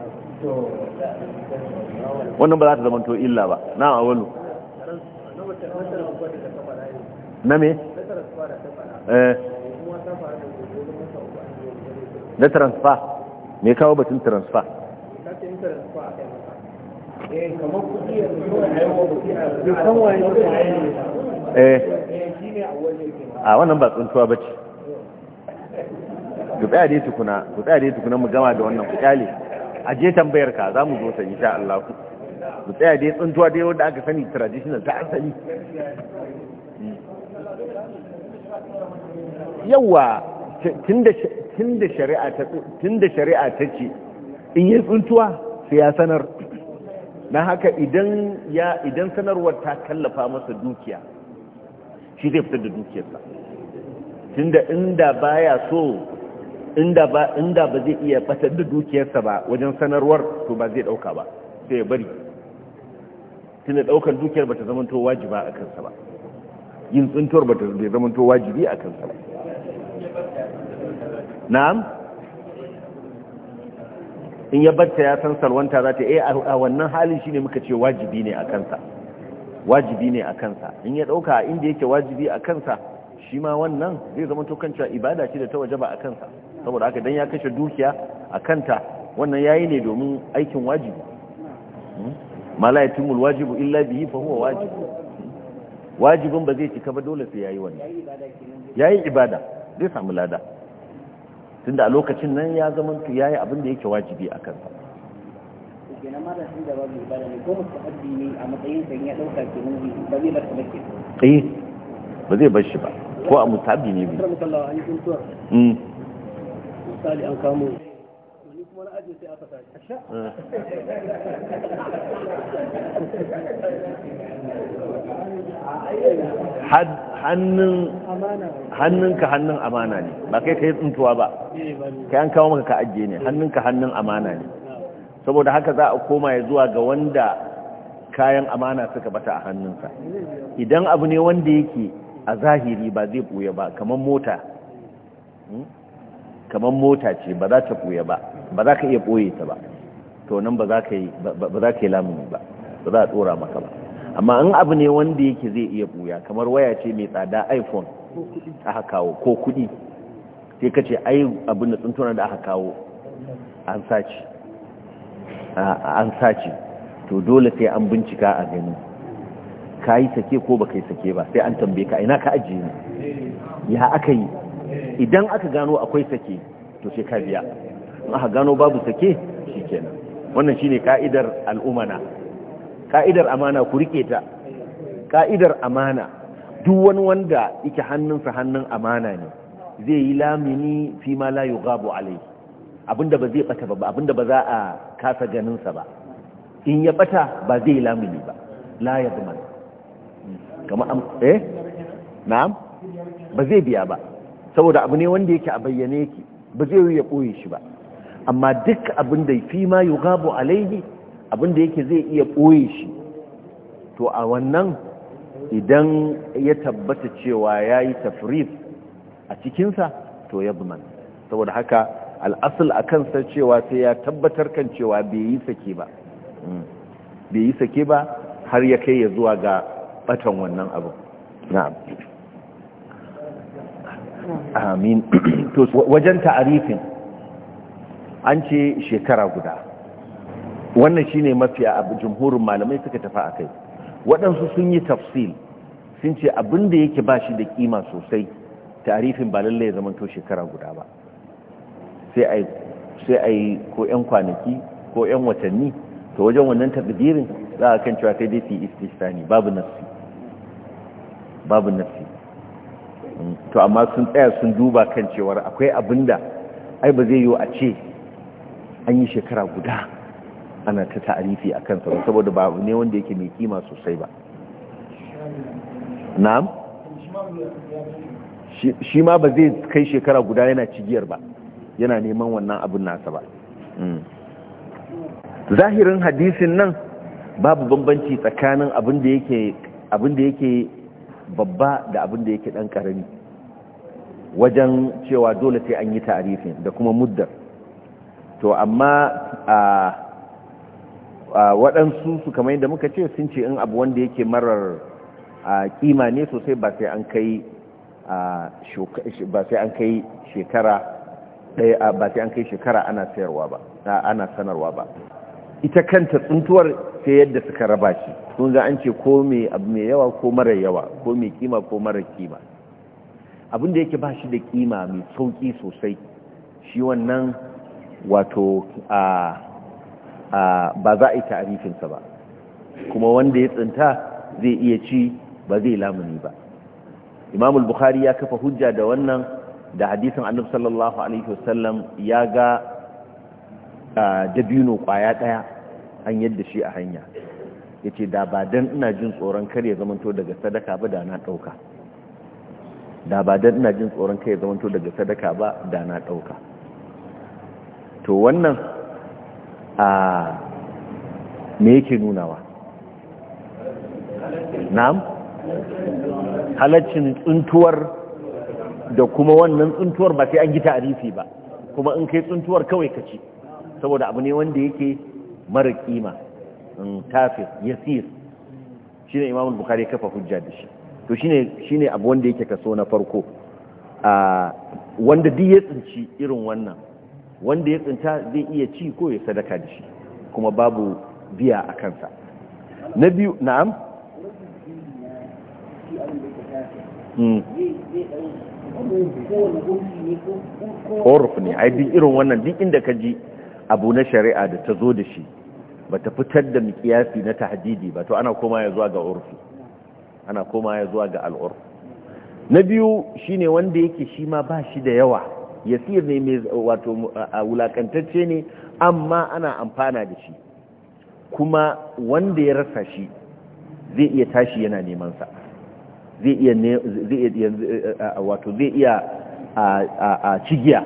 wannan ba za ta zamanto illa ba na wani na me eh. na transfer me kawo batun transfer eh a wannan ba tsuntuwa ba ce ku tsaya dai tukuna ku tsaya dai tukuna mu gama da wannan ku kyale a je tambayar ka za mu zo ta sha Allah ku ku tsaya dai tsuntuwa yau da aka sani traditional ta asali yawa tun da shari'a ta ce in yi tsuntuwa sai ya sanar na haka idan sanarwar ta kallafa masa dukiya shi zai fitar da dukiyarsa tunda inda baya so inda ba inda ba zai iya fitar da dukiyarsa ba wajen sanarwar to ba zai dauka ba sai ya bari tunda daukar dukiyar bata zama to wajiba a kansa ba yin tsintuwar bata zama to wajibi a kansa ba na'am in ya batta ya san salwanta za ta yi eh, a wannan halin ne muka ce wajibi ne a kansa wajibi ne a kansa in ya ɗauka inda yake wajibi a kansa shi ma wannan zai zama to kan ibada ce da ta wajaba a kansa saboda haka dan ya kashe dukiya a kanta wannan yayi ne domin aikin wajibi hmm? ma wajibu illa bihi fa huwa wajib hmm? wajibin ba zai cika ba dole sai yayi wannan yayi ibada zai samu lada tunda a lokacin nan ya zama to yayi abin da yake wajibi a kansa kenan ma da ne a ba zai bar eh, ba ko a mustahabbi ne bi hannun ka hannun amana ne ba kai ka yi tsuntuwa ba eh, kai an kawo maka ka ajiye ne hannun ka hannun amana ne saboda haka za a koma ya zuwa ga wanda kayan amana suka bata a hannunsa idan abu ne wanda yake a zahiri ba zai buya ba kamar mota hmm? kamar mota ce ba za ta buya ba ba za ka iya ɓoye ta ba to nan ba za ka yi lamuni ba ba za a tsora maka ba amma in abu ne wanda yake zai iya buya kamar waya ce mai tsada iphone aka kawo ko kudi sai ka ce ai abin da tsuntunan da aka kawo an sace an sace to dole sai an bincika a gani ka yi sake ko ba ka sake ba sai an tambaye ka ina ka ajiye ne ya aka yi idan aka gano akwai sake to sai ka biya in aka gano babu sake shi kenan wannan shine ka'idar al'umana ka'idar amana ku rike ta ka'idar amana duk wani wanda yake hannunsa hannun amana ne zai yi lamini fi ma la yughabu alai abinda ba zai bata ba abinda ba za a kasa ganinsa ba in ya bata ba zai lamuni ba la ya zuman kama am eh na'am ba zai biya ba saboda abu ne wanda yake a bayyane yake ba zai yi ya boye shi ba amma duk abin da fi ma yugabu alaihi abin da yake zai iya ɓoye shi to a wannan idan ya tabbata cewa ya yayi tafrif a cikinsa to ya saboda haka al'asul a kansa cewa sai ya tabbatar kan cewa bai yi sake ba hmm. har ya kai ya zuwa ga batan wannan abin amin to wajen ta'arifin an ce shekara guda wannan shine mafi a jumhurin malamai suka tafa a kai waɗansu sun yi tafsil sun ce abinda yake bashi da kima sosai ta'arifin ba lallai ya zamanto shekara guda ba sai a yi ko 'yan kwanaki ko 'yan watanni to wajen wannan takdirin za a kan cewa sai dai fi istisani babu nafsi babu nafsi to amma sun tsaya sun duba kan cewar akwai abinda ai ba zai yiwu a ce an yi shekara guda ana ta ta'arifi a kansa ba saboda ba ne wanda yake mai kima sosai ba na'am shi ma ba zai kai shekara guda yana cigiyar ba yana neman wannan abin nasa ba mm. zahirin hadisin nan babu bambanci tsakanin abin da yake babba da abin da yake dan karami wajen cewa dole sai an yi tarifin da kuma muddar to amma a waɗansu su kamar yadda muka ce sun ce in abu wanda yake marar kima ne sosai ba sai an kai shekara ɗaya eh, ba sai an kai shekara ana sayarwa ba ana sanarwa ba ita kanta tsuntuwar sai yadda suka raba shi sun ga an ce ko mai yawa ko mara yawa ko mai kima ko mara kima abinda yake ba shi da kima mai sauki sosai shi wannan wato ba za a yi tarifinsa ba kuma wanda ya tsinta zai iya ci ba zai lamuni ba imamul bukhari ya kafa hujja da wannan da hadisin annabi sallallahu alaihi wasallam ya ga dabino kwaya daya an yadda shi a hanya yace da ba dan ina jin tsoron kar ya zamanto daga sadaka ba da na dauka da ba dan ina jin tsoron kar ya zamanto daga sadaka ba da na dauka to wannan a me yake nunawa na'am halaccin tsuntuwar da kuma wannan tsuntuwar ba sai an yi tarifi ba kuma in kai tsuntuwar kawai ka ci saboda abu ne wanda yake mara kima tafir yasir ne imamun bukhari kafa hujja da shi to shi ne abu wanda yake kaso na farko wanda duk ya tsinci irin wannan wanda ya tsinta zai iya ci ko ya sadaka da shi kuma babu biya a kansa na biyu na'am hmm. ko ne ai duk irin wannan duk inda ka ji abu na shari'a da ta zo da shi ba ta fitar da miƙiyasi na tahdidi ba to ana koma ya zuwa ga urfi ana koma ya zuwa ga al'urf na biyu shine wanda yake shi ma ba shi da yawa yasir ne mai wato wulakantacce ne amma ana amfana da shi kuma wanda ya rasa shi zai iya tashi yana neman sa zai iya wato zai iya a cigiya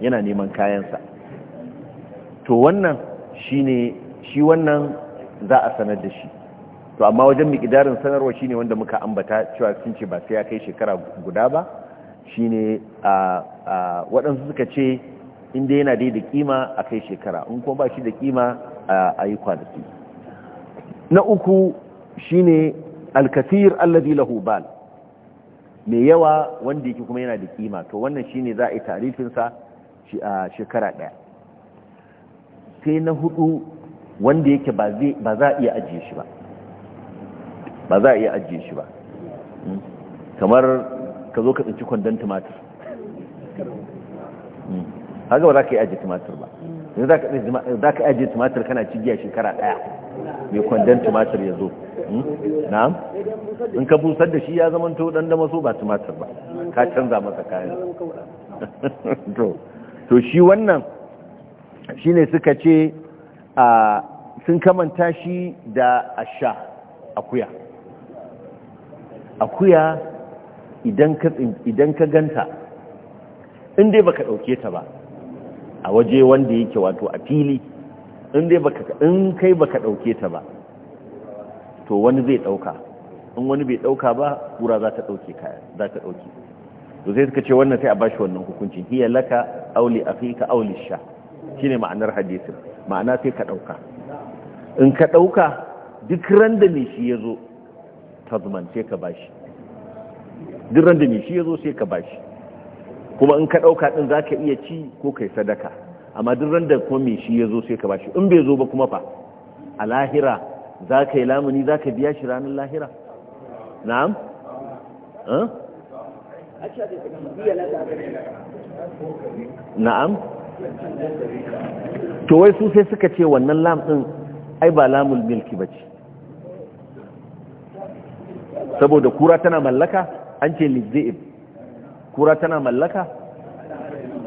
yana neman kayansa to wannan shi ne shi wannan za a sanar da shi to amma wajen mikidarin sanarwa shi ne wanda muka ambata cewa sun ce ba sai ya kai shekara guda ba shi ne waɗansu suka ce inda yana dai da kima a kai shekara in kuma ba shi da kima a yi kwanaki na uku shi ne alkasir alladi lahubal mai yawa wanda yake kuma yana da kima to wannan shine za a yi tarifinsa a shekara ɗaya sai na hudu wanda yake ba za a iya ajiye shi ba ba za a iya ajiye shi ba hmm. kamar ka zo ka tsinci kwandon tumatir hmm. haka ba za ka yi ajiye tumatir ba yanzu za ka ajiye tumatir kana cigiya shekara ɗaya mai kwandon tumatir ya zo hmm? na'am in ka busar da shi ya zama to ɗan da maso ba tumatir ba ka canza masa kayan to shi wannan shi ne suka ce sun kamanta shi da asha akuya akuya idan ka ganta inda ba ka ɗauke ta ba a waje wanda yake wato a fili in dai baka in kai baka dauke ta ba to wani zai dauka in wani bai dauka ba kura za ta dauke kaya za ta dauke to sai suka ce wannan sai a bashi wannan hukuncin hiya laka auli li auli sha shine ma'anar hadisin ma'ana sai ka dauka in ka dauka duk randa ne shi yazo tazman sai ka bashi duk randa ne shi yazo sai ka bashi kuma in ka ɗauka ɗin za ka iya ci ko kai sadaka amma duk randa kuma mai shi ya zo sai ka bashi in bai zo ba kuma fa a lahira za ka yi lamuni za ka biya shi ranar lahira na'am na'am to wai su sai suka ce wannan lam ɗin ai ba lamul milki ba ce saboda kura tana mallaka an ce lizzib kura tana mallaka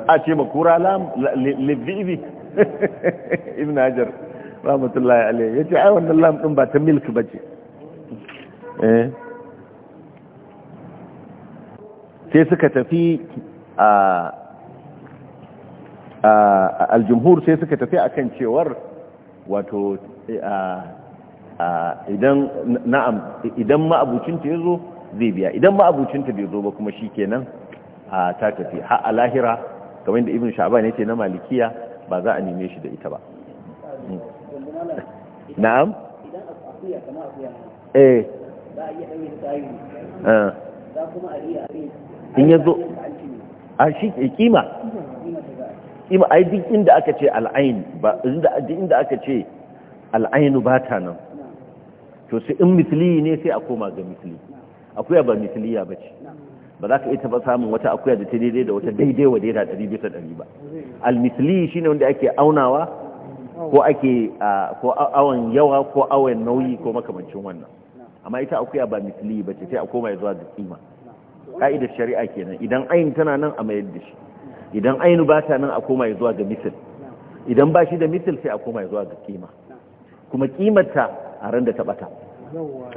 a ce ma kura libvivi ibn hajar rahmatullahi alaihi ya ce ai wannan lam ɗin ba ta milk ba ce eh. sai suka tafi a aljumhur sai suka tafi akan cewar wato idan na'am idan ma'abucinta ya zo zai biya idan ma'abucinta bai zo ba kuma shi kenan a ta tafi har a lahira kamar da ibn sha'ban yake na malikiya ba za a neme shi da ita ba na'am eh ah. in a zo a ah, shi kima kima ai duk inda aka ce al'ain ba inda aka ce al'ainu ba ta nan to sai in misli ne sai a koma ga misli Akwai ba misliya ba ce ba za ka ita ba samun wata akuya da ta daidai da wata daidai wa daidai ɗari bisa ɗari ba almisli shi ne wanda ake aunawa ko ake ko awon yawa ko awon nauyi ko makamancin wannan amma ita akuya ba misli ba ce sai a koma zuwa da kima ka'idar shari'a kenan idan ayin tana nan a mayar da shi idan ainu ba ta nan a koma zuwa ga misil idan ba shi da misil sai a koma zuwa ga kima kuma kimarta a ran da ta bata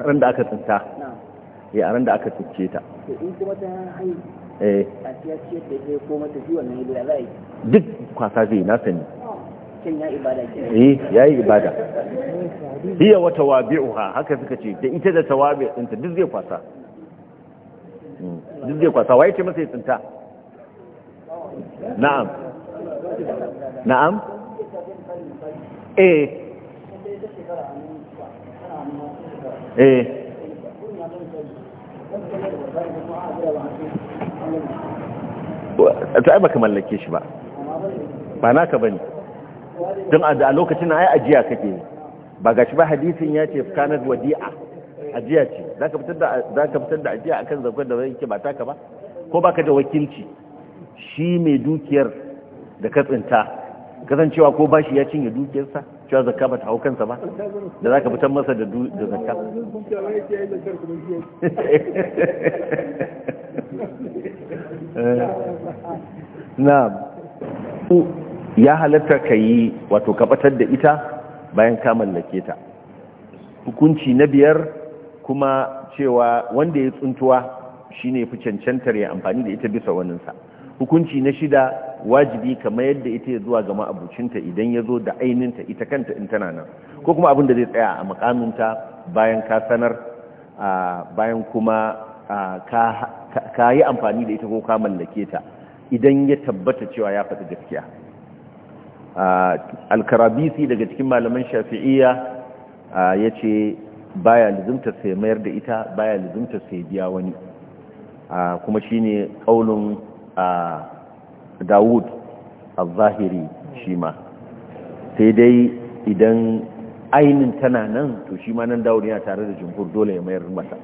ran da aka tsinta ya aran da aka cuce ta eh. duk kwasa zai na sani ya ibada eh yayi ibada hiya wa tawabi'uha haka suka ce da ita da tawabi ɗinta duk zai kwasa hmm, duk zai kwasa waye ce masa ya tsinta na'am na'am eh eh ta ai baka mallake shi ba ba naka bane don a lokacin ai ajiya kake ba ba shi ba hadisin ya ce kanar wadi'a ajiya ce za fitar da fitar da ajiya akan zafi da ke ba taka ba ko baka da wakilci shi mai dukiyar da ka tsinta kasancewa ko bashi ya cinye dukiyarsa cewa zakka ba ta hau kansa ba da za ka fitar masa da zakka na ya halatta ka yi wato kabatar da ita bayan ka mallake ta hukunci na biyar kuma cewa wanda ya tsuntuwa shine fi cancantar ya amfani da ita bisa waninsa hukunci na shida wajibi kamar yadda ita zuwa ga ma'abucinta idan ya zo da aininta ita kanta in tana nan ko kuma abin da zai tsaya a makaminta bayan ka sanar bayan kuma ka yi amfani da ita ko ka mallake ta idan ya tabbata cewa ya faɗi gaskiya alkarabisi daga cikin malaman shafi'iyya ya ce baya lizimta sai mayar da ita baya lizimta sai biya wani kuma shine kaulin a dawud al-zahiri shi ma sai dai idan ainin tana nan to shi ma nan dawud yana tare da jumhur dole ya mayar masa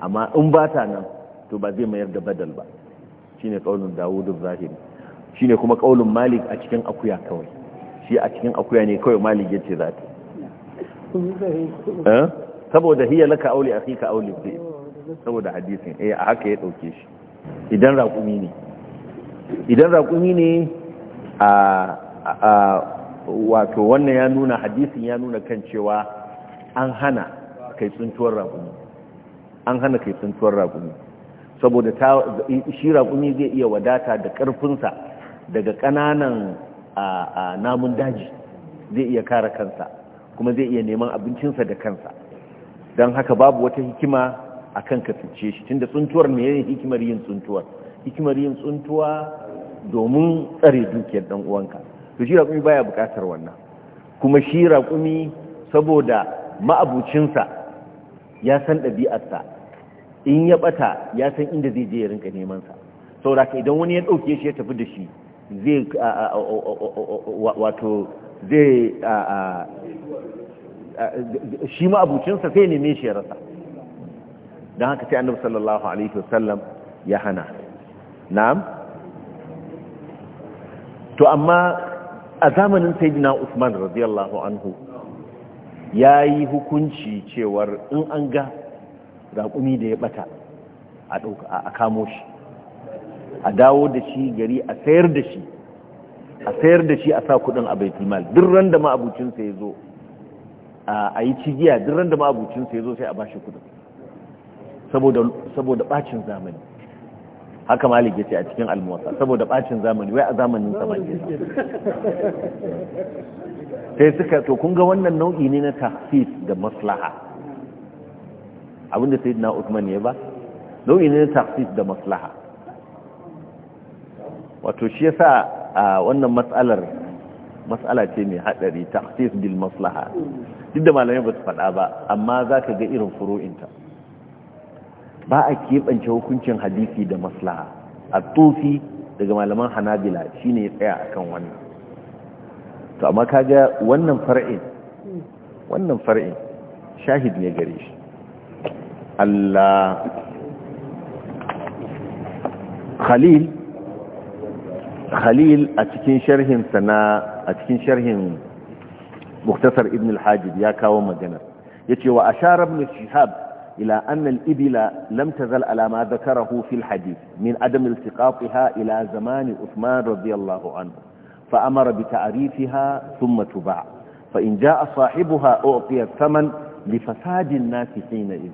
amma in ba ta nan to ba zai mayar da badal ba shi ne ƙaunin dawud al-zahiri ne kuma ƙaunin malik a cikin akuya kawai shi a cikin akuya ne kawai malik ya ce za ta eh? saboda hiyar laka auli ka auli bi saboda hadisin eh haka ya dauke shi idan raƙumi ne idan raƙumi ne a wato wannan ya nuna hadisin ya nuna kan cewa an hana kai tsuntuwar raƙumi an hana kai tsuntuwar raƙumi saboda shi raƙumi zai iya wadata da ƙarfinsa daga ƙananan namun daji zai iya kara kansa kuma zai iya neman abincinsa da kansa don haka babu wata hikima a kan ka shi tunda tsuntuwar ne yin hikimar yin tsuntuwar hikimar yin tsuntuwa domin tsare dukiyar dan uwanka to shi raƙumi baya buƙatar wannan kuma shi raƙumi saboda ma'abucinsa ya san ɗabi'arsa in ya ɓata ya san inda zai je ya rinka neman sa saboda ka idan wani ya ɗauke shi ya tafi da shi zai wato zai shi ma'abucinsa sai neme shi ya rasa don haka sai annabi sallallahu alaihi wasallam ya hana na'am to amma a zamanin sayyidina Usman radiyallahu anhu yayi hukunci cewar in an ga raƙumi da ya bata a kamo shi a dawo da shi gari a sayar da shi a sayar da shi a sa kudin a baitul mal duk randa ma ma'abucinsa ya zo a yi cigiya duk randa ma ma'abucinsa ya zo sai a bashi kudin saboda bacin zamani haka malik yace a cikin almuwasa saboda bacin zamani wai a zamanin sa sai suka to kun ga wannan nau'i ne na tafsir da maslaha abinda sayyidina Uthman ya ba nau'i ne na tafsir da maslaha wato shi yasa wannan matsalar matsala ce mai hadari tafsir bil maslaha duk da malamai ba su faɗa ba amma zaka ga irin furu'inta ba a keɓance hukuncin hadisi da maslaha a tufi daga malaman hanabila shi ne tsaya akan wannan to amma kaga wannan far'in wannan far'in shahid ne gare shi Allah Khalil Khalil a cikin sharhin sana a cikin sharhin Muktasar Ibn al-Hajib ya kawo magana yace wa ashara ibn Shihab إلى أن الإبل لم تزل على ما ذكره في الحديث من عدم التقاطها إلى زمان عثمان رضي الله عنه فأمر بتعريفها ثم تباع فإن جاء صاحبها أعطي الثمن لفساد الناس حينئذ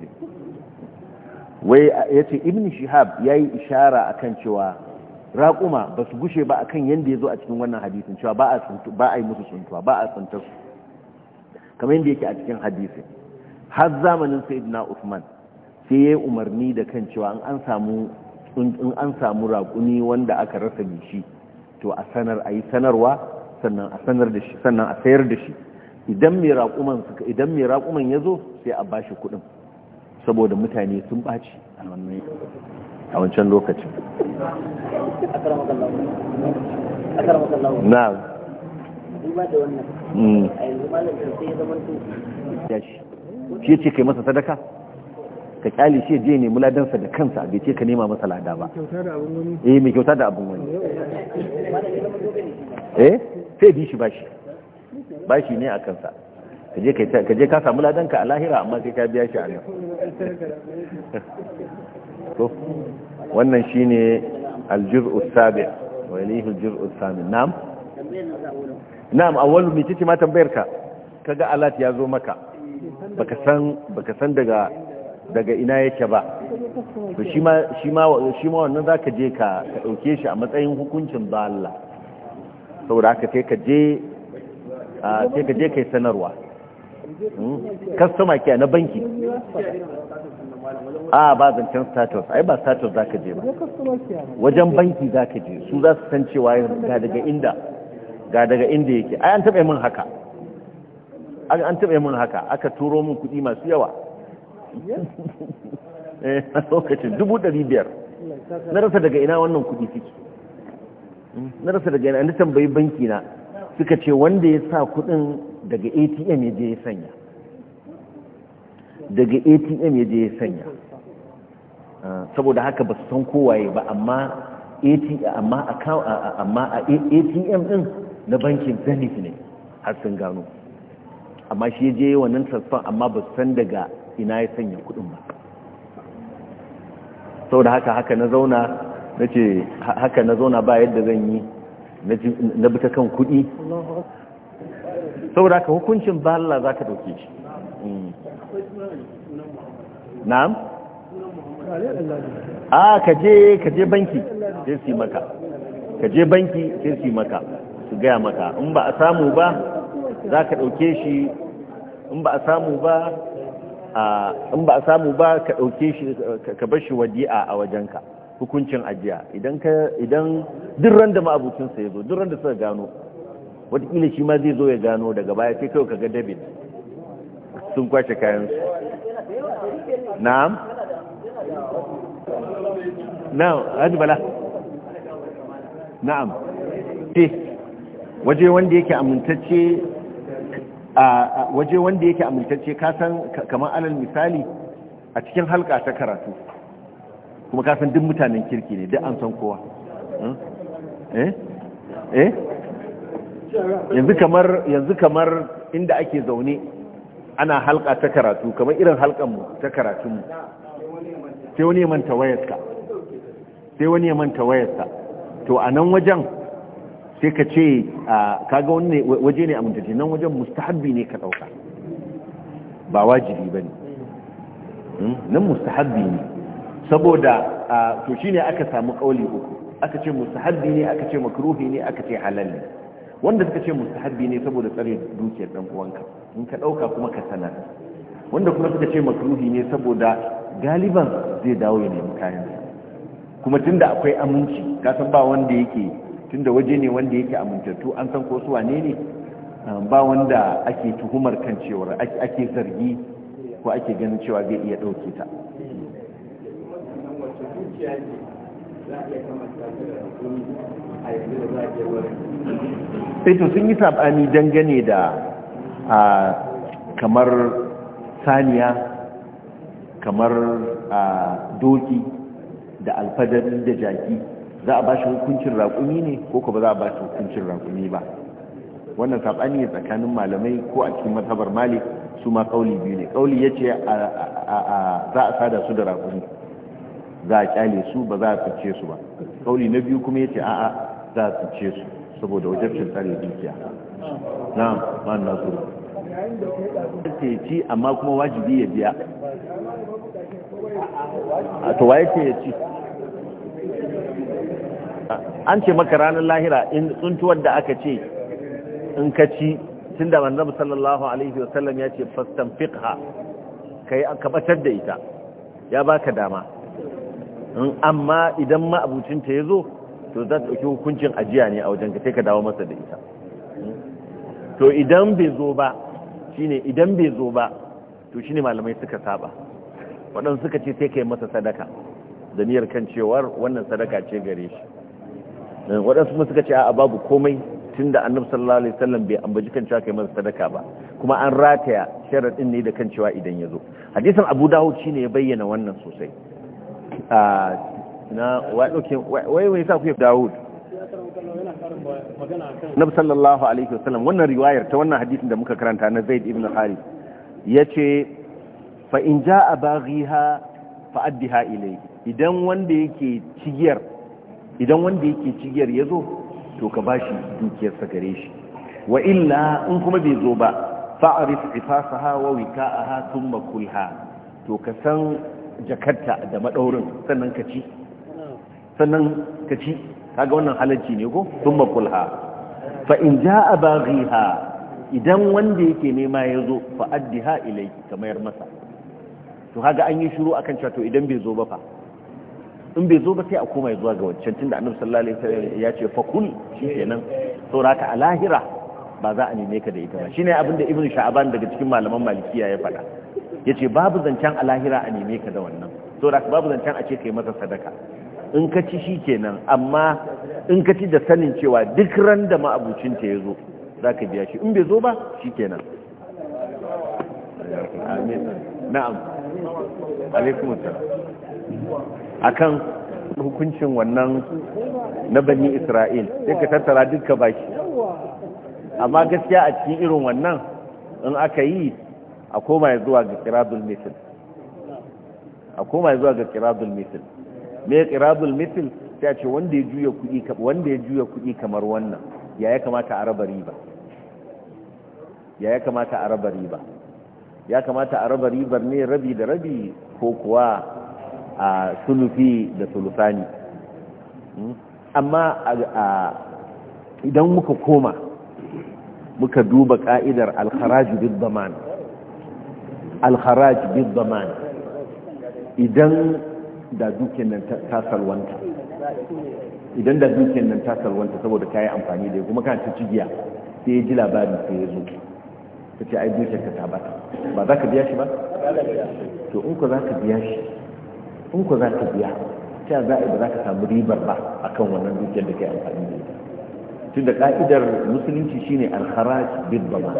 ويأتي ابن شهاب يأي إشارة أكن شواء راقما بس قشي بقى ba يندي ذو أتكن zo حديث شواء بقى hadisin cewa ba a yi musu كمين بيكي أتكن حديثي har zamanin sayyidina Uthman sai yi umarni da kan cewa in an samu in an samu raƙuni wanda aka rasa shi to a sanar a yi sanarwa sannan a sanar da shi sannan a sayar da shi idan mai raƙuman suka idan mai raƙuman ya zo sai a bashi kuɗin saboda mutane sun ɓaci a wancan lokacin na'am da wannan mm. a yanzu sai ya zama shi ce kai masa sadaka ka kyale shi je ne muladansa da kansa bai ce ka nema masa lada ba eh mai kyauta da abun wani eh sai bi shi bashi bashi ne a kansa ka je ka samu ladanka a lahira amma sai ka biya shi a nan to wannan shine aljuz'u sabi wa ilayhi aljuz'u nam na'am na'am awwalu ce ma tambayar ka kaga alat ya zo maka baka san san daga daga ina yake ba to shi ma shi ma wannan zaka je ka ka dauke shi a matsayin hukuncin ba Allah saboda haka sai ka je sai ka je kai sanarwa hmm? customer care na banki a ba zancen status ai ba status za ka je ba wajen banki za ka je su za su san cewa ga daga inda ga daga inda yake ai an taɓa min haka an taɓa mun haka aka turo mun kuɗi masu yawa eh, a lokacin dubu dari biyar na rasa daga ina wannan kuɗi fiki na rasa daga ina inda tambayi banki na suka ce wanda ya sa kuɗin daga atm ya je ya sanya daga atm ya je ya sanya ah, saboda haka ba su san kowaye ba amma atm din na bankin zenith ne har sun gano amma shi je wannan transfer amma ba san daga ina ya sanya kudin ba sau da haka haka na zauna na ce haka na zauna ba yadda zan yi na bi ta kan kudi sau da haka hukuncin ba Allah za ka dauke shi hmm. na'am a kaje kaje banki sai su maka kaje banki sai su maka su gaya maka in ba a samu ba za ka ɗauke shi in ba a samu ba in ba a samu ba ka ɗauke shi ka bar shi wadi'a a wajenka hukuncin ajiya idan ka idan duk randa ma'abucinsa ya zo duk randa suka gano wataƙila shi ma zai zo ya gano daga baya sai kawai ka ga dabin sun kwace kayansu na'am na'am hajji bala na'am te waje wanda yake amintacce a waje wanda yake amintacce ka san kamar alal misali a cikin halka ta karatu kuma ka san duk mutanen kirki ne duk an san kowa hmm? eh eh yanzu kamar yanzu kamar inda ake zaune ana halka ta karatu kamar irin halkanmu ta karatunmu sai wani ya manta wayarsa sai wani ya manta wayarsa to a nan wajen sai ka ce kaga wani waje ne a amintacce nan wajen mustahabbi ne ka ɗauka ba wajibi ba ne hmm? nan mustahabbi ne saboda to shi ne aka samu ƙauli uku aka ce mustahabbi ne aka ce makruhi ne aka ce halal ne wanda suka ce mustahabbi ne saboda tsare dukiyar ɗan uwanka in ka ɗauka kuma ka sanar wanda kuma suka ce makruhi ne saboda galiban zai dawo ya nemi kayan kuma tunda akwai aminci kasan ba wanda yake tunda waje ne wanda yake amintattu an san ko su wane ne um, ba wanda ake tuhumar kan cewa ake zargi ko ake ganin cewa zai iya ɗauke ta to sun yi saɓani dangane da kamar saniya kamar doki da alfadari da jaki za a ba shi hukuncin raƙumi ne ko ko ba za a ba shi hukuncin raƙumi ba wannan saɓani ne tsakanin malamai ko a cikin matabar mali su ma ƙauli biyu ne ƙauli ya ce za a sada su da raƙumi za a ƙyale su ba za a fice su ba ƙauli na biyu kuma ya ce a'a za a fice su saboda wajabcin tsare dukiya na ma'an nasu ci amma kuma wajibi ya biya a to waye ce ya ci an ce maka ranar lahira in tsuntuwar da aka ce in ka ci tun da wanda musallallahu alaihi wasallam ya ce fastan fiqha ka batar da ita ya baka dama amma idan ma abucinta ya zo to za ta ɗauki hukuncin ajiya ne a wajen ka sai ka dawo masa da ita to idan bai zo ba shine idan bai zo ba to shine malamai suka saba waɗansu suka ce sai ka yi masa sadaka da niyyar kan cewar wannan sadaka ce gare shi waɗansu kuma suka ce a babu komai tun da annabi sallallahu alaihi wasallam bai ambaci kan cewa kai masa sadaka ba kuma an rataya sharadin ne da kan cewa idan ya zo hadisin abu dawud shine ya bayyana wannan sosai a na wa dauke wai wai sa ku ya dawud nabi sallallahu alaihi wasallam wannan riwayar ta wannan hadisin da muka karanta na zaid ibn harith yace fa in jaa baghiha fa addiha ilayhi idan wanda yake cigiyar idan wanda yake cigiyar ya zo to ka ba shi dukiyarsa gare shi wa illa in kuma bai zo ba fa'arif ifasaha wa wika'aha thumma kulha to ka san jakarta da madaurin sannan ka ci sannan ka ci kaga wannan halarci ne ko thumma kulha fa in jaa baghiha idan wanda yake nema ya zo fa addiha ilayki kamar masa to kaga an yi shiru akan cewa to idan bai zo ba fa in bai zo ba sai a koma zuwa ga wancan tunda annabi sallallahu alaihi wasallam ya ce fakul shikenan saboda ka a lahira ba za a neme ka da ita ba shine abin da ibnu sha'ban daga cikin malaman malikiya ya faɗa yace babu zancen a lahira a neme ka da wannan saboda babu zancen a ce kai masa sadaka in ka ci shikenan amma in ka ci da sanin cewa duk ran da ma'abucin ta yazo zaka biya shi in bai zo ba shikenan amin na'am alaikum assalam akan hukuncin wannan na bani isra'il sai ka tattara dukka baki amma gaskiya a cikin irin wannan in aka yi a koma zuwa ga kiradul misil a koma zuwa ga kiradul misil me kiradul misil sai a ce wanda ya juya kuɗi wanda ya juya kuɗi kamar wannan ya ya kamata a raba riba ya ya kamata a raba riba ya kamata a raba ribar ne rabi da rabi ko kuwa a sulufi da sulufani hmm? amma idan muka koma muka duba ka'idar alharaji alkharaj alharaji daman idan da dukiyar nan ta salwanta idan da dukiyar nan ta salwanta saboda ka yi amfani da kuma kan ta cigiya sai ya ji labari sai ya zo ta ce ai dukiyar ka ta bata ba za ka biya shi ba? to in ku za ka biya shi in ku za ka biya ta za a ba za ka samu ribar ba a kan wannan dukiyar da ke amfani da ita tun da ka'idar musulunci shine alharaj bil bama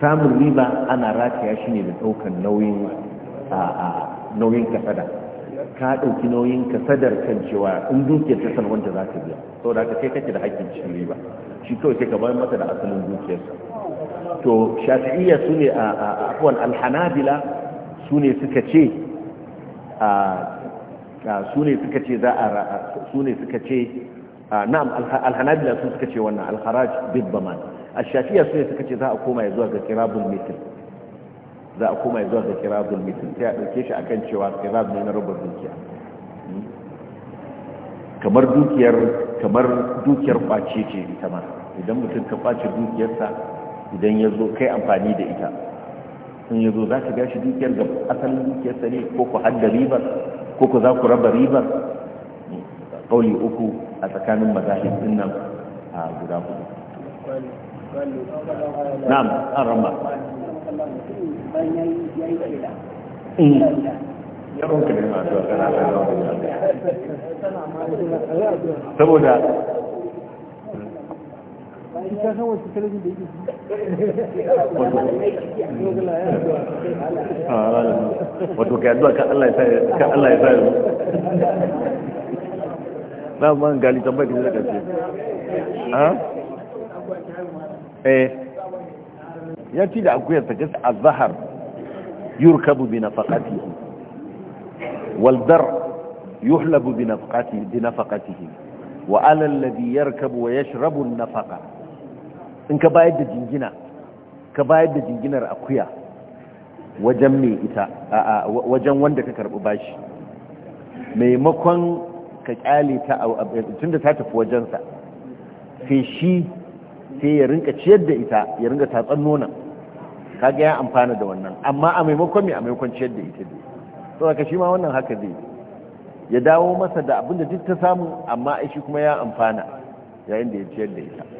samun riba ana rataya shi ne da ɗaukar nauyin nauyin kasada ka ɗauki nauyin kasadar kan cewa in dukiyar ta san wanda za ka biya saboda ka kai kake da hakkin cin riba shi kawai sai ka bayar masa da asalin dukiyarsa to shafi'iyya su ne a alhanabila su ne suka ce su ne suka ce za a su ne suka ce na'am alhanabila sun suka ce wannan alharaj bidbaman a shafiya su ne suka ce za a koma ya zuwa ga kirabun mitin za a koma ya zuwa ga kirabun mitin sai a ɗauke shi a kan cewa kirab ne na rubar dukiya kamar dukiyar kamar dukiyar kwace ce ita ma idan mutum ka kwace dukiyarsa idan ya zo kai amfani da ita in ya zo za ka gashi dukiyar ga asalin dukiyar sa ko ku hadda ribar ko ku za ku raba ribar kauli uku a tsakanin mazahib din nan a guda hudu na'am an ramba saboda انت هو تكلم دي اه لا لا وتو الله يساعد ما قال لي تبقى ها ايه ياتي ده اكو يتجس الظهر يركب بنفقته والدر يحلب بنفقته بنفقته وعلى الذي يركب ويشرب النفقه in ka bayar da jingina ka bayar da jinginar akuya wajen mai ita wajen wanda ka karɓi bashi maimakon ka kyale ta tunda ta tafi wajensa sai shi sai ya rinka ciyar da ita ya rinka tatsan nonon kaga ya amfana da wannan amma a maimakon mai a maimakon ciyar da ita dai to ka shi ma wannan haka zai, ya dawo masa da abinda duk ta samu amma shi kuma ya amfana yayin da ya ciyar da ita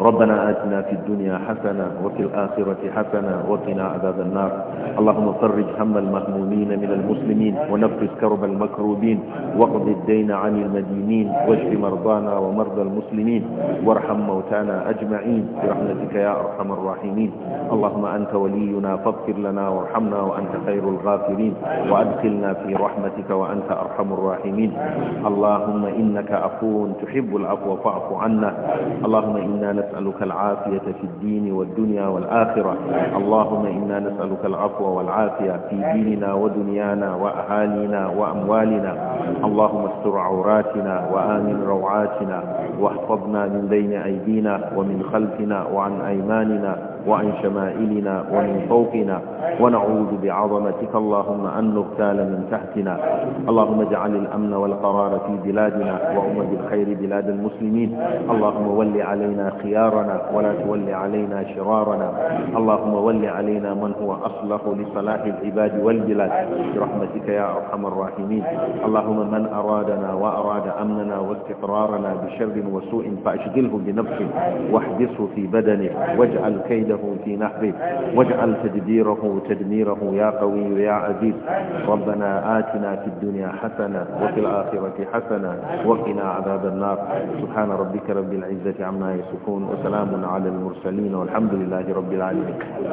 ربنا آتنا في الدنيا حسنة وفي الآخرة حسنة وقنا عذاب النار اللهم فرج هم المهمومين من المسلمين ونفس كرب المكروبين واقض الدين عن المدينين واشف مرضانا ومرضى المسلمين وارحم موتانا أجمعين برحمتك يا أرحم الراحمين اللهم أنت ولينا فاغفر لنا وارحمنا وأنت خير الغافرين وأدخلنا في رحمتك وأنت أرحم الراحمين اللهم إنك عفو تحب العفو فاعف عنا اللهم إنا نسألك العافية في الدين والدنيا والآخرة اللهم إنا نسألك العفو والعافية في ديننا ودنيانا وأهالينا وأموالنا اللهم استر عوراتنا وآمن روعاتنا واحفظنا من بين أيدينا ومن خلفنا وعن أيماننا وعن شمائلنا ومن فوقنا ونعوذ بعظمتك اللهم أن نغتال من تحتنا اللهم اجعل الأمن والقرار في بلادنا وأمة الخير بلاد المسلمين اللهم ول علينا خيارنا ولا تول علينا شرارنا اللهم ول علينا من هو أصلح لصلاح العباد والبلاد برحمتك يا أرحم الراحمين اللهم من أرادنا وأراد أمننا واستقرارنا بشر وسوء فأشغله بنفسه واحبسه في بدنه واجعل كيده كيده في نحره واجعل تدبيره تدميره يا قوي يا عزيز ربنا آتنا في الدنيا حسنة وفي الآخرة حسنة وقنا عذاب النار سبحان ربك رب العزة عما يصفون وسلام على المرسلين والحمد لله رب العالمين